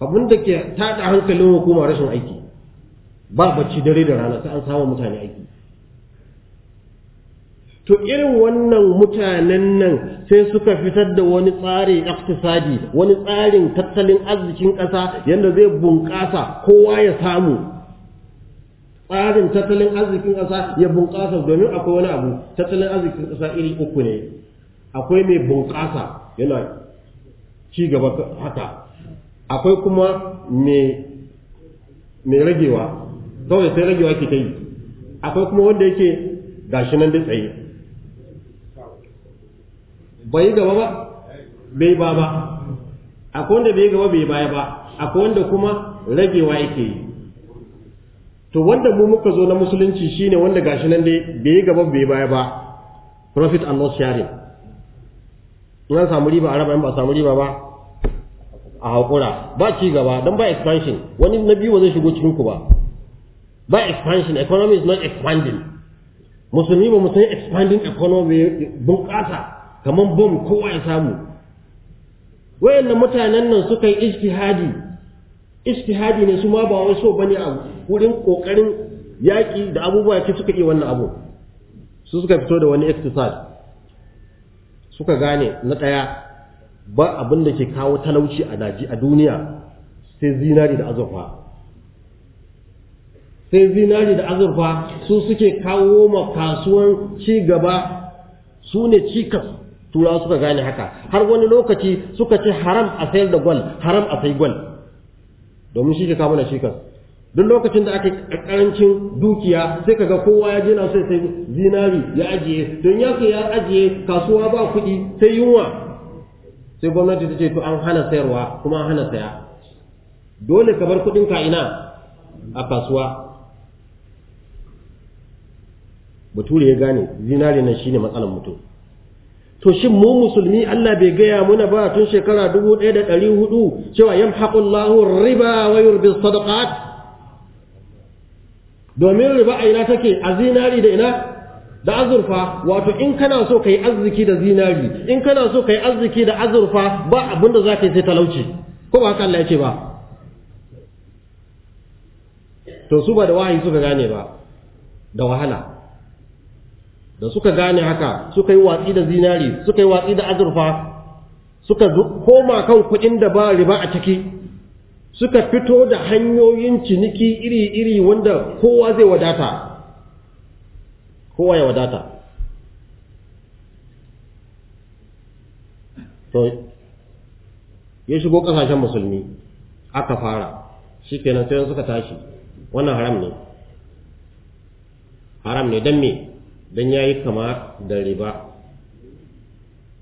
abin da ke tada hankalin hukuma rashin aiki ba bacci dare da rana sai an samu mutane aiki to irin wannan mutanen nan sai suka fitar da wani tsarin iktisadi wani tsarin tattalin arzikin ƙasa yadda zai bunƙasa kowa ya samu tsarin tattalin arzikin ƙasa ya bunƙasa domin akwai wani abu tattalin arzikin ƙasa iri uku ne akwai mai bunƙasa yana ci gaba haka akwai kuma mai ragewa kawai sai ragewa ke ta yi akwai kuma wanda yake gashi nan da tsaye bai gaba ba bai ba ba akwai wanda bai gaba bai baya ba akwai wanda kuma ragewa yake yi to wanda mu muka zo na musulunci shine wanda gashi nan dai bai gaba bai baya ba profit and loss sharing in an samu riba a raba in ba samu riba ba a haƙura ba ci gaba don ba expansion wani na biyu ba zai shigo cikin ku ba ba expansion economy is not expanding musulmi ba mu expanding economy bunƙasa kamar bom kowa ya samu wayannan mutanen nan suka yi ijtihadi ijtihadi ne su ma ba wai so bane a wurin kokarin yaƙi da abubuwa ke suka yi wannan abu su suka fito da wani iktisad suka gane na ɗaya ba abin da ke kawo talauci a daji a duniya sai zinari da azurfa sai zinari da azurfa su suke kawo ma kasuwan ci gaba su ne cikas turawa suka gane haka har wani lokaci suka ce haram a sayar da gwal haram a sai gwal domin shi ke kama na shi kan duk lokacin da aka karancin dukiya sai ka ga kowa ya je na sai sai zinari ya ajiye don ya ya ajiye kasuwa ba kuɗi sai yunwa sai gwamnati ta ce to an hana sayarwa kuma an hana saya dole ka bar kuɗin ka ina a kasuwa bature ya gane zinari nan shine matsalar mutum to shi mu musulmi Allah bai gaya muna ba tun shekara dubu ɗaya da ɗari hudu cewa yamhaqullahu riba wa yurbi sadaqat domin riba a ina take a zinari da ina da azurfa wato in kana so kai arziki da zinari in kana so kai arziki da azurfa ba abinda za ka yi sai talauci ko ba haka Allah ya ba to su ba da wahayi suka gane ba da wahala da suka gane haka suka yi watsi da zinari suka yi watsi da azurfa suka koma kan kuɗin da ba riba a ciki suka fito da hanyoyin ciniki iri-iri wanda kowa zai wadata kowa ya wadata to ya shigo ƙasashen musulmi aka fara shi kenan sai suka tashi wannan haram ne haram ne don me don ya yi kama da riba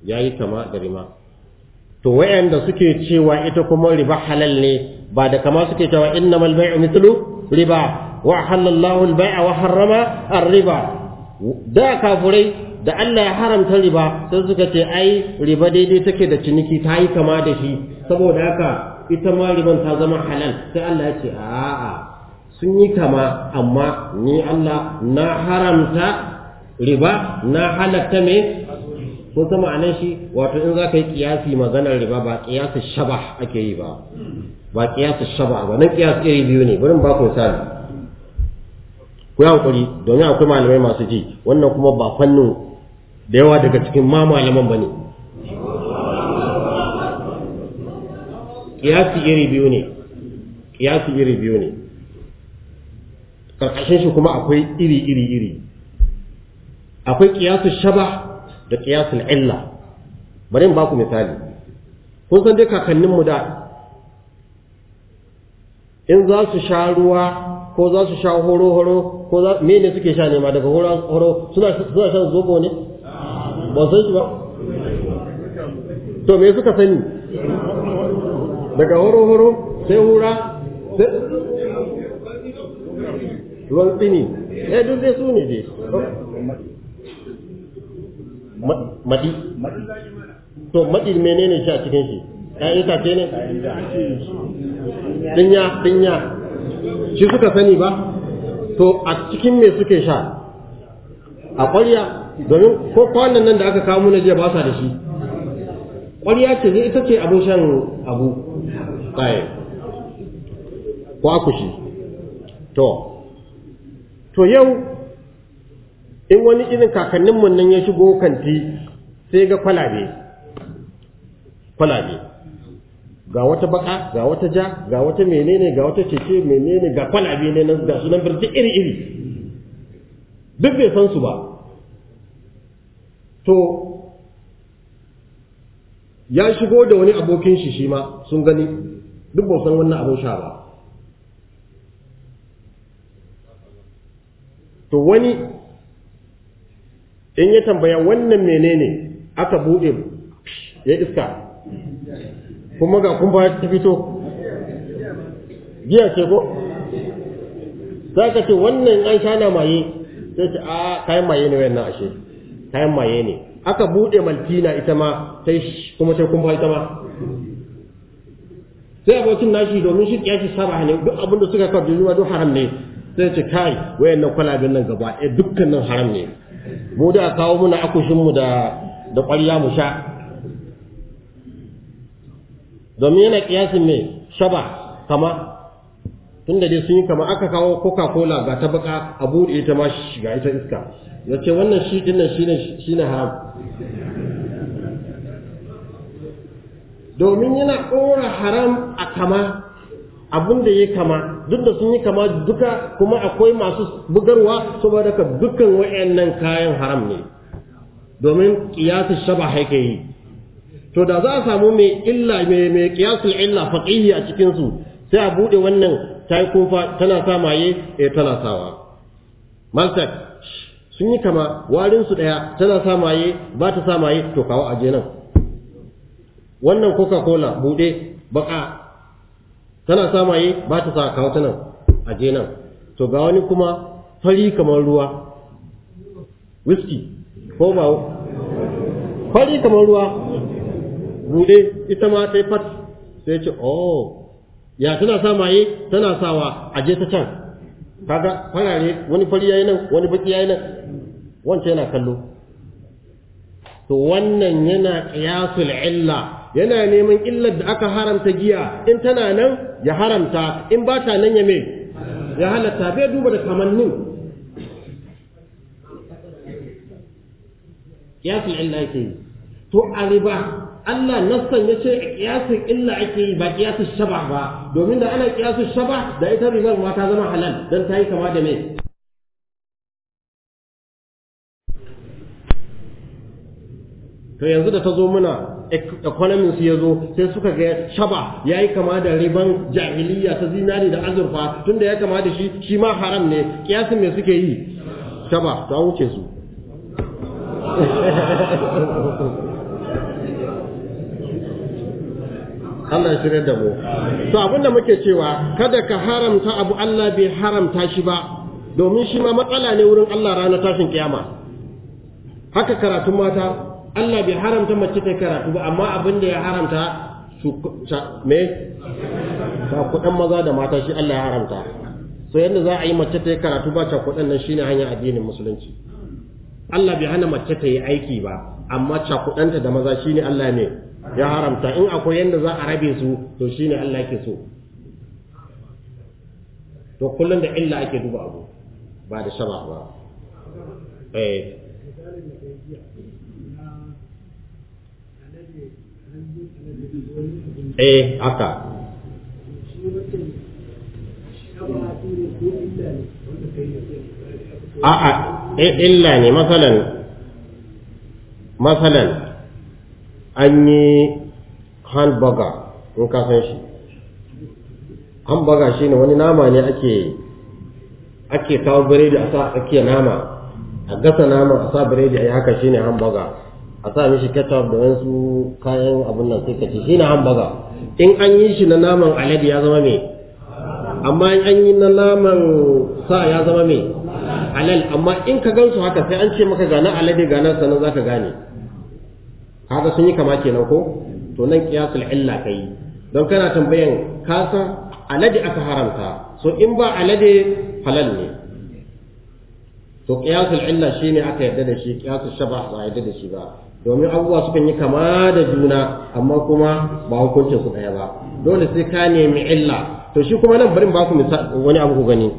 ya yi kama da riba to wayanda suke cewa ita kuma riba halal ne ba da kama suke cewa innamal bai'u mithlu riba wa halallahu al wa harrama ar-riba da kafurai da Allah ya haramta riba sai suka ce ai riba daidai take da ciniki ta yi kama da shi saboda haka ita ma riban ta zama halal sai Allah ya ce a'a sun yi kama amma ni Allah na haramta riba na halatta me sun sama nan shi wato in za ka yi kiyasi maganar riba ba kiyasi shaba ake yi ba ba kiyasi shaba ba nan kiyasi iri biyu ne bari ba ku misali ku yi hankuri domin akwai malamai masu ji wannan kuma ba fannin da yawa daga cikin ma malaman ba ne kiyasi iri biyu ne kiyasi iri biyu ne karkashin shi kuma akwai iri iri iri akwai kiyasu shaba da qiyasul illa bari in baku misali kun san dai kakannin mu da in za su sha ruwa ko za su sha horo horo ko za me ne suke sha ne ma daga horo horo suna suna shan zobo ne ba san shi ba to me suka sani daga horo horo sai hura sai ruwan tsini eh duk dai su ne dai maɗi to maɗi menene shi a cikin shi ta itace ne dinya dinya shi suka sani ba to a cikin me suke sha a ƙwarya domin ko kwanan nan da aka kawo na jiya ba sa da shi ƙwarya ce zai ita ce abin shan abu tsaye ko akushi to to yau in wani irin kakanninmu nan ya shigo kanti sai ga kwalabe kwalabe ga wata baka ga wata ja ga wata menene ga wata cece menene ga kwalabe ne nan ga sunan birti iri iri duk bai san su ba to ya shigo da wani abokin shi shi ma sun gani duk ba san wannan abin sha ba to wani in ya tambaya wannan menene aka buɗe ya iska kuma ga kumfa ta fito giya ce ko za ka ce wannan an sha na maye sai ce a ah, kayan maye ne wayan ashe kayan maye ne aka buɗe maltina ita ma sai kuma sai kumfa ita ma sai abokin nashi domin shi kiyaki saba ne duk abin da suka kawo duniya duk haram ne sai ce kai wayannan kwalaben nan gaba ɗaya dukkanin haram ne mu da kawo muna akushinmu da da ƙwarya mu sha domin yana kiyasi mai shaba kama tunda dai sun yi kama aka kawo coca-cola ga ta baka a buɗe ta ma ga ita iska ya ce wannan shi ɗin nan shi ne haram domin yana ƙora haram a kama abin da ya kama duk da sun yi kama duka kuma akwai masu bugarwa saboda ka dukkan wayannan kayan haram ne domin qiyasu shaba haike yi to da za a samu mai illa mai mai qiyasu illa faqihi a cikin su sai a bude wannan tai kofa tana sa maye eh tana sawa Malta sun yi kama warin su daya tana sa maye ba ta sa maye to kawo aje nan wannan coca cola bude baka tana sa maye ba ta sa kawo tana nan a je nan to ga wani kuma fari kamar ruwa whisky ko ba fari kamar ruwa bude ita ma ta yi fat sai ce oh ya tana sa yi? tana sawa a je ta can kaga farare wani fari yayi nan wani baki yayi nan wancan yana kallo to wannan yana qiyasul illa yana neman illar da aka haramta giya in tana nan ya haramta in ba ta nan ya me ya halatta bai duba da kamannin kiyasul illa ake yi to a riba Allah nassan ya ce kiyasul illa ake yi ba kiyasul shaba ba domin da ana kiyasul shaba da ita ribar ma ta zama halal don ta yi kama da me to yanzu da ta zo muna economics ya zo sai suka ga shaba ya yi kama da riban jahiliya ta zinari da azurfa tunda ya kama da shi shi ma haram ne kiyasin me suke yi shaba ta wuce su Allah shirya da mu to abinda muke cewa kada ka haramta abu Allah bai haramta shi ba domin shi ma matsala ne wurin Allah ranar tashin kiyama haka karatun mata Allah bai haramta mace ta karatu ba amma abin da ya haramta su me ta kudan maza da mata shi Allah ya haramta so yadda za a yi mace ta karatu ba ta kudan nan shine hanyar addinin musulunci Allah bai hana mace ta yi aiki ba amma ta da maza shine Allah ne ya haramta in akwai yanda za a rabe su to shine Allah yake so to kullum da illa ake duba abu ba da shaba ba eh eh haka a'a eh, illa ne masalan masalan an yi hamburger in ka san shi hamburger shi ne wani nama ne ake ake kawo biredi a sa ake nama a gasa nama a sa biredi a yi haka shi ne hamburger a sa mishi ketchup da wasu kayan abin nan sai ka ci shi na hamburger in an yi shi na naman alade ya zama me amma in an yi na naman sa ya zama me halal amma in ka gansu haka sai an ce maka gana alade gana sannan zaka gane haka sun yi kama kenan ko to nan qiyasul illa kai don kana tambayan kasa alade aka haramta so in ba alade halal ne to qiyasul illa shine aka yarda da shi qiyasul shaba ba yarda da shi ba domin abubuwa sukan yi kama da juna amma kuma ba hukuncin su ɗaya ba dole sai ka nemi illa to shi kuma nan barin baku wani abu ku gani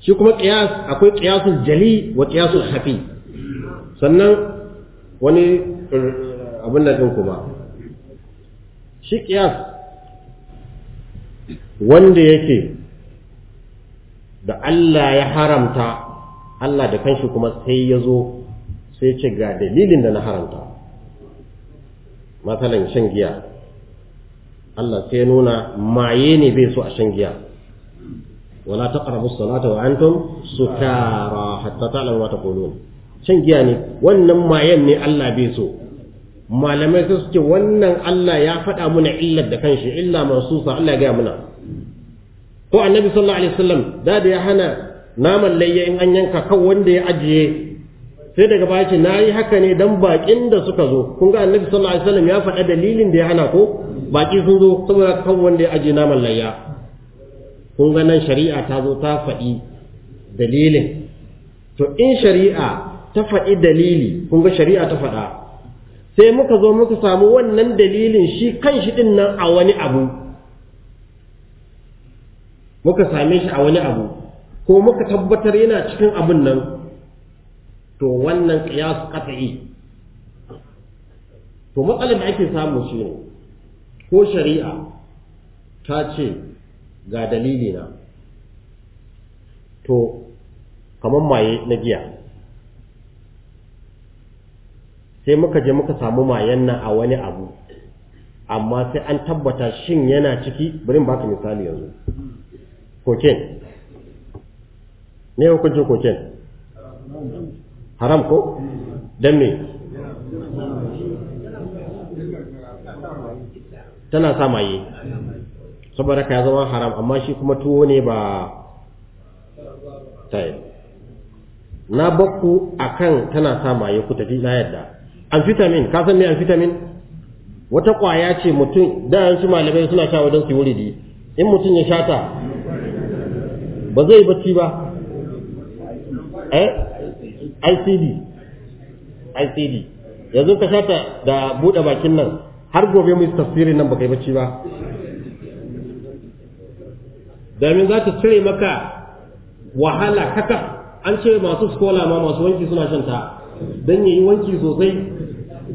shi kuma qiyas akwai qiyasul jali wa qiyasul khafi sannan wani eh, abin da din kuma shi qiyas wanda yake da Allah ya haramta Allah da kanshi kuma sai ya zo sai ce ga dalilin da na haranta matsalan shan giya Allah sai nuna maye ne bai so a shan giya wala ta as-salata wa antum sukara hatta alamu wata kolon. shan giya ne wannan mayen ne Allah bai so malamai sai suke wannan Allah ya faɗa muna illar da kanshi illa mansusa Allah ya ga muna ko annabi sallallahu alaihi wasallam da da ya hana naman layya in an yanka kan wanda ya ajiye sai daga baya ce nayi haka ne dan bakin da suka zo kun ga annabi sallallahu alaihi wasallam ya faɗa dalilin da ya hana ko baki sun zo saboda kan wanda ya aje naman layya kun ga nan shari'a ta zo ta faɗi dalilin to in shari'a ta faɗi dalili kun ga shari'a ta faɗa sai muka zo muka samu wannan dalilin shi kan shi din nan a wani abu muka same shi a wani abu ko muka tabbatar yana cikin abun nan to wannan qiyas qat'i to matsalar da ake samu shi ne ko shari'a ta ce ga dalili na to kamar maye na giya sai muka je muka samu mayen nan a wani abu amma sai an tabbata shin yana ciki bari ka misali yanzu cocaine ne hukuncin cocaine haram ko dan me tana sa maye saboda ka zama haram amma shi kuma tuwo ne ba tayi na bakku akan tana sa maye ku tafi na yadda amphetamine ka san me amphetamine wata kwaya ce mutum da yansu malamai suna sha wajen su wuridi in mutum ya sha ta ba zai bacci ba eh ICD ICD yanzu ka shata da buɗe bakin nan har gobe mu tafsiri nan baka yi bacci ba domin za ta cire maka wahala kaka an ce masu skola ma masu wanki suna shan ta don yayi wanki sosai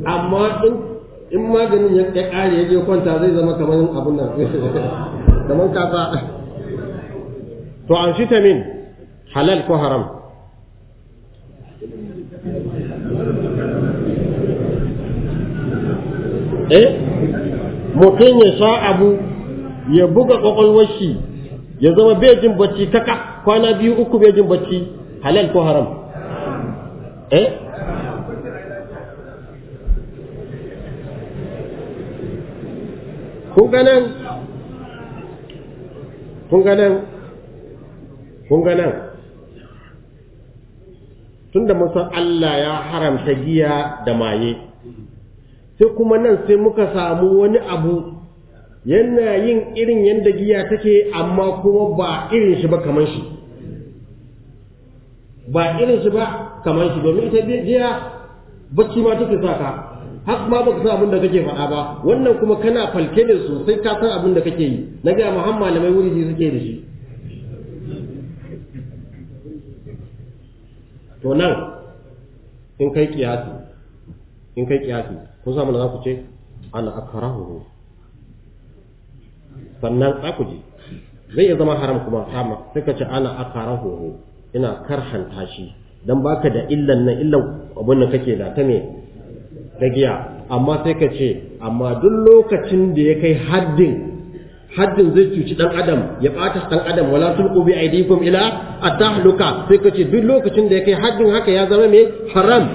amma in maganin ya ƙare ya je kwanta zai zama kamar abun nan kamar kafa to min halal ko haram eh mutum ya sha abu ya buga kwakwalwar shi ya zama bai jin bacci kaka kwana biyu uku bai jin bacci halal ko haram eh kun ganan kun ganan kun ganan tun mun san Allah ya haramta giya da maye sai kuma nan sai muka samu wani abu yana yin irin yadda giya take amma kuma ba irin shi ba kamar shi ba irin shi ba kamar shi domin ita giya bacci ma take sa ka haka ma baka san abin da kake faɗa ba wannan kuma kana falke ne sosai ka san abin da kake yi na gaya muhammad malamai wuri suke da shi to nan in kai kiyasi in kai kiyasi kun samu da za ku ce ana akarahu sannan za ku ji zai iya zama haram kuma sama sai ka ce ana akarahu ina karhanta shi dan baka da illan nan illan abun da kake da ta me da giya amma sai ka ce amma duk lokacin da ya kai haddin haddin zai cuci dan adam ya bata dan adam wala tulqu bi aydikum ila atahluka tahluka sai ka ce duk lokacin da ya kai haddin haka ya zama me haram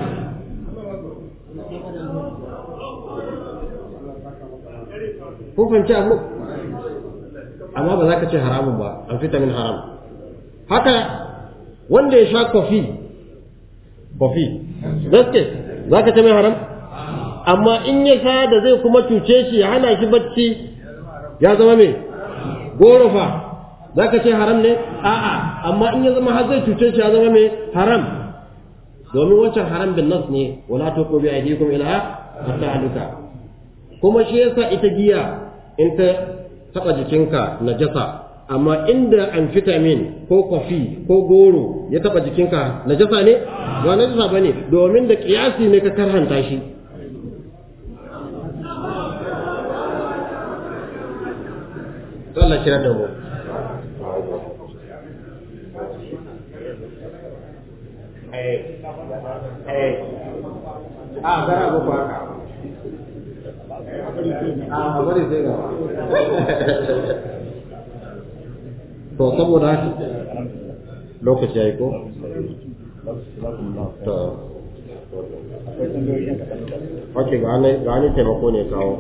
ko fahimci abu amma ba za ka ce haramun ba amfetamin haram haka wanda ya sha kofi kofi gaske za ka ce mai haram amma in ya sha da zai kuma cuce shi ya hana shi bacci ya zama mai gorofa za ka ce haram ne a'a amma in ya zama har zai cuce shi ya zama mai haram domin wancan haram bin nas ne wala tuqu bi aydikum ila hatta aduka kuma shi yasa ita giya in ta taɓa jikinka najasa amma inda amfitamin ko kofi ko goro ya taɓa jikinka najasa ne ba najasa ba ne domin da ƙiyasi ne ka karhanta shi Allah a bari sai gaba to saboda haka lokaci yayi ko to ok ga taimako ne kawo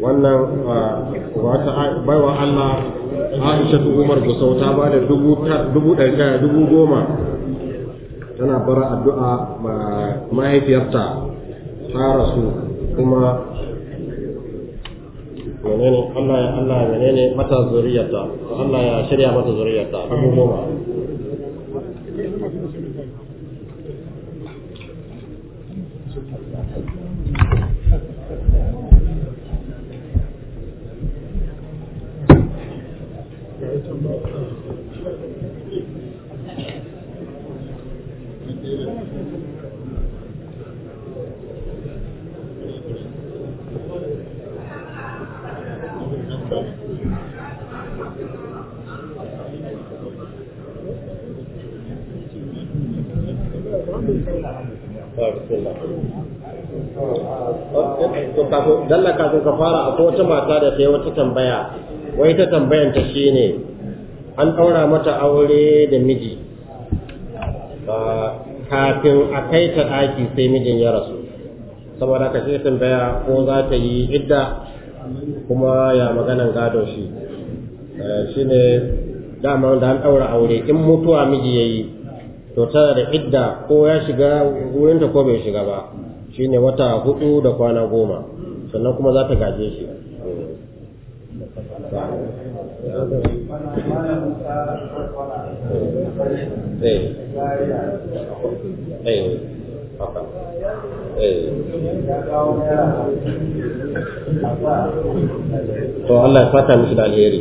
wannan ah, wata baiwa Allah Aisha Umar Gusau ta ba da dubu goma tana bara addu'a mahaifiyarta tsara su kuma menene Allah ya Allah menene mata zuriyarta Allah ya shirya mata zuriyarta abubuwa Dalla kafin ka fara a wata mata da ta yi wata tambaya, wai ta tambayan ta shi ne, an ɗaura mata aure da miji, kafin a kai ta ɗaki sai mijin ya rasu, saboda ka ce tambaya ko za ta yi idda kuma ya maganan gado shi. Eh, shine dama da an aure in mutuwa miji yayi to tana da idda ko ya shiga wurinta ko bai shiga ba shine wata hudu da kwana goma sannan kuma za ta gaje shi Eh. Eh. eh. to Allah ya fata mishi da alheri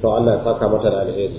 to Allah ya fata da alheri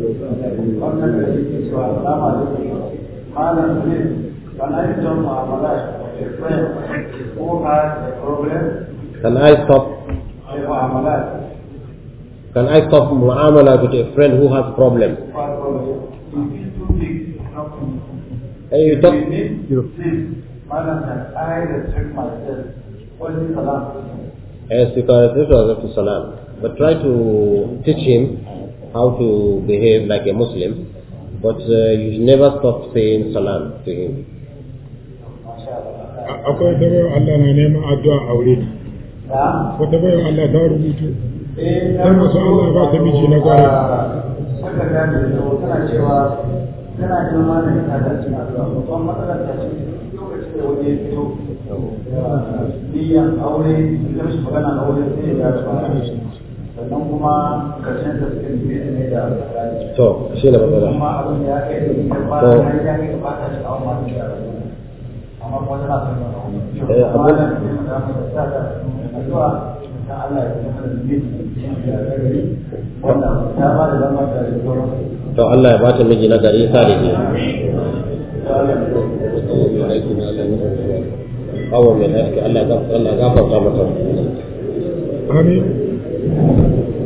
can I stop my a friend who has a problem can I stop Can I stop muamala with a friend who has problem? Hey, you talk. I Yes, you can restrict yourself salam, but try to teach him how to behave like a Muslim, but uh, you never stop saying salam to him. akwai ta Allah na neman addu'a aure ne wata bayan Allah ta rubutu sai masu Allah ba ta miji na gwara tana cewa tana jin malamin ta da cin addu'a matsalar ta ce lokacin da wani ya fito niyan aure da shi magana aure sai ya dace sannan kuma karshen da suke ne da to shi da kuma abin ya kai da ita ya kai shi amma eh abin da ta ta ta Allah ya kuma da gari ta ba da zama da to Allah ya ba ta miji na gari da ke mai Allah ya gafarta mata amin Amen.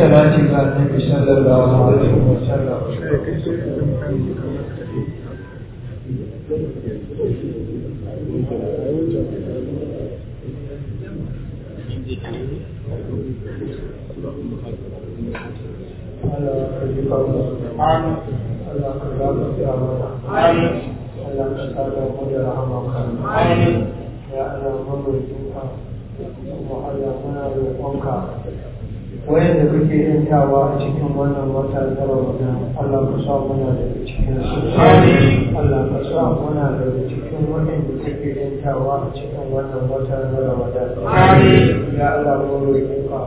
salati ga annabi sallallahu alaihi wa sallam Thank you. wayanda kuke tawa a cikin wannan wata ta Ramadan Allah ka sa muna daga cikin su Allah ka sa muna daga cikin wayanda kuke tawa a cikin wannan wata ta Ramadan ya Allah ko roƙe ka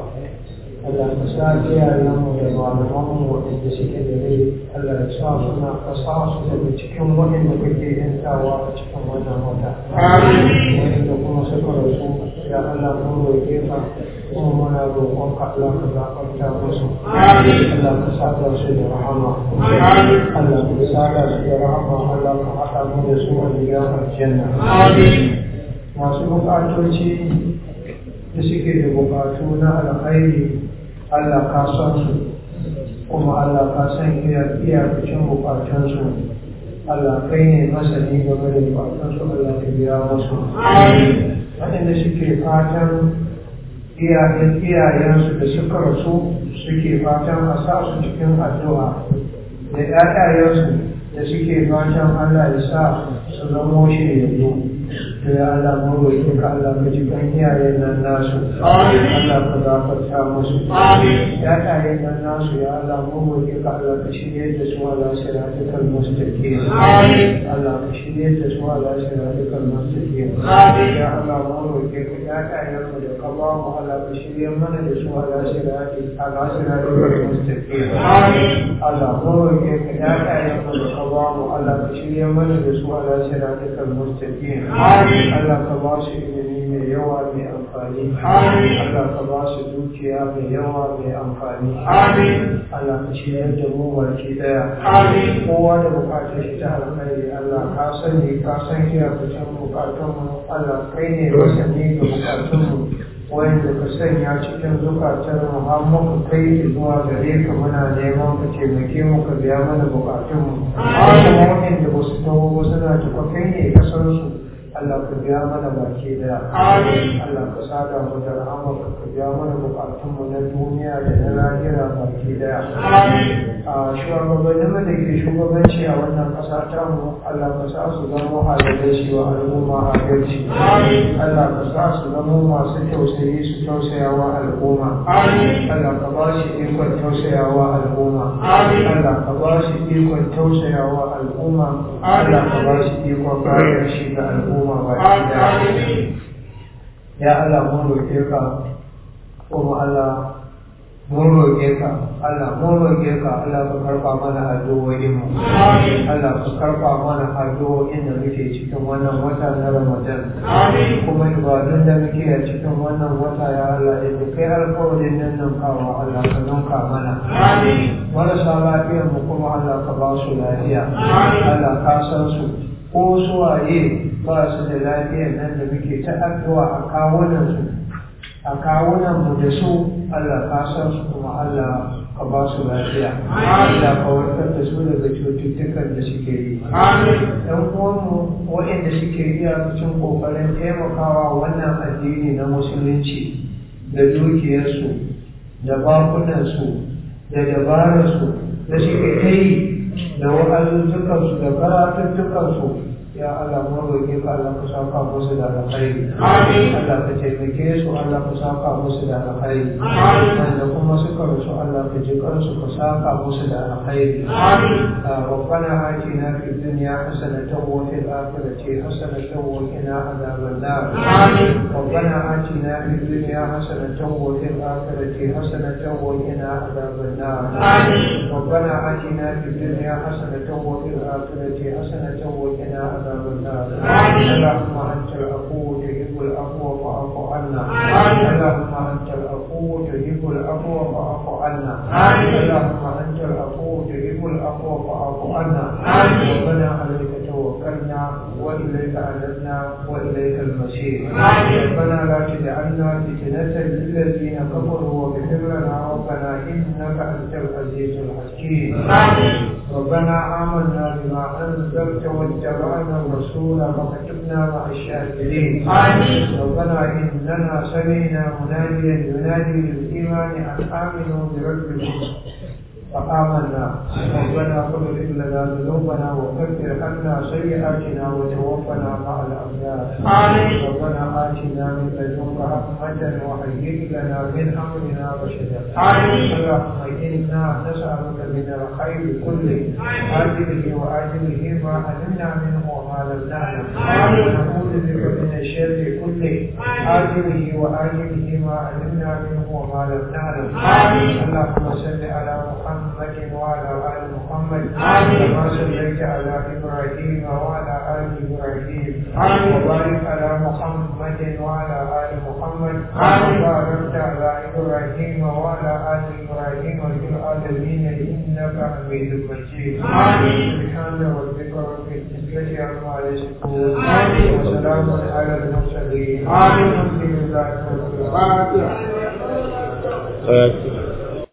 Allah ka sa iyayen mu da malaman mu wanda suke da rai Allah ya sa muna ka sa su daga cikin wayanda kuke tawa a cikin wannan wata amin wayanda kuma suka rasu ya Allah ko roƙe ka kuma muna roƙon Allah ka Allah da da da su a masu bukatoci da suke da buƙatu na alkhairi Allah ka san su kuma Allah ka san iyakacin bukatunsu. Allah kai ne masani game da bukatunsu, Allah ta biya musu waɗanda suke fatan iyayensu da suka rasu suke fatan a sa su cikin addu'a da 'ya'yayensu da suke fatan Allah ya sa su zamo yanzu. ya Allah mu roƙe ka Allah mu ji kan iyaye nan nasu amin Allah ka gafarta musu amin ya nan nasu ya Allah mu roƙe ka Allah ka shirye da su ala siratal mustaqim amin Allah ka shirye da su ala siratal mustaqim amin ya Allah mu roƙe ka ya mu da ka ba mu Allah ka shirye mana da su ala siratal ala siratal mustaqim amin Allah mu roƙe ka mu da ka ba mu Allah ka shirye mana da su ala siratal mustaqim amin Allah ka ba shi ilimi mai yawa mai amfani Allah ka ba shi dukiya mai yawa mai amfani Allah ka ciyar da mu baki daya kowa da bukatar shi ta alkhairi Allah ka sani ka san iyakacin bukatunmu Allah kai ne wasanni da bukatunmu wanda ka sanya cikin zukatar mu har muka kai zuwa gare ka muna neman ka taimake mu ka biya mana bukatunmu. Amin. Wanda da wasu tawo suna kai ne kasar su. Allah ka biya mana baki daya Allah ka sada mu da biya mana bukatun mu na duniya da na lahira baki daya a shugabannin da ke shugabanci a wannan ƙasa ta mu Allah ka sa su zama halalci wa al'umma halalci Allah ka sa su zama masu tausayi su tausayawa al'umma Allah ka ba shi ikon tausayawa al'umma Allah ka ba shi ikon tausayawa al'umma Allah ka ba shi ikon kare shi al'umma ba ya Allah mun roƙe ka kuma Allah mun roƙe ka Allah mun roƙe ka Allah ka karfa mana addu'o'in mu Allah ka karfa mana addu'o'in inda muke cikin wannan wata na Ramadan kuma ibadun da muke a cikin wannan wata ya Allah da kai alƙawarin nan nan kawo Allah ka nunka mana marasa lafiyar mu kuma Allah ka ba su lafiya Allah ka san su ko suwaye ba su da lafiyar nan da muke ta addu'a a kawunan su a kawunan mu da su Allah ka san su kuma Allah ka ba su lafiya Allah ka warkar da su daga cututtukan da suke yi dan uwanmu waɗanda suke iya cikin kokarin taimakawa wannan addini na musulunci da dukiyarsu da bakunansu da dabararsu da suke yi da wa'azuzzukansu da karatuttukansu ya Allah mun roƙe ka Allah ka musu da alkhairi su Allah musu da alkhairi suka rasu Allah ka ji kansu ka saka musu da alkhairi ah, rabbana atina fid dunya hasanatan wa fil akhirati hasanatan wa qina adhaban nar rabbana atina fid dunya hasanatan wa fil akhirati hasanatan wa qina adhaban nar rabbana atina fid dunya hasanatan wa fil akhirati hasanatan اللهم انت العفو تحب العفو فاعف عنا اللهم انت العفو تحب العفو فاعف anna amin allahumma anjil aku jadibul aku fa aku anna amin rabbana alayka tawakkalna wa ilayka anabna wa ilayka al-masir amin rabbana la tudi anna fi jinatil lillazina kafaru wa bihimrana wa kana innaka antal azizul hakim amin ربنا آمنا بما أنزلت واتبعنا الرسول فاكتبنا مع الشاكرين آمين ربنا إننا سمعنا مناديا ينادي للإيمان أن آمنوا بربكم فآمنا ربنا خذ إلا ذنوبنا وكفر عنا سيئاتنا وتوفنا مع الأبيار ربنا آتنا من لدنك رحمة وهيئ لنا من أمرنا رشدا اللهم إنا نسألك من الخير كله آجله وآجله ما علمنا منه وما لم نعلم ونعوذ بك من الشر كله آجله وآجله ما علمنا منه وما لم نعلم اللهم صل على محمد محمد وعلى آل محمد كما صليت على إبراهيم وعلى آل إبراهيم وبارك على محمد وعلى آل محمد وباركت على إبراهيم وعلى آل إبراهيم في العالمين إنك حميد مجيد سبحان ربك رب العزة عما يصفون وسلام على المرسلين الحمد لله رب العالمين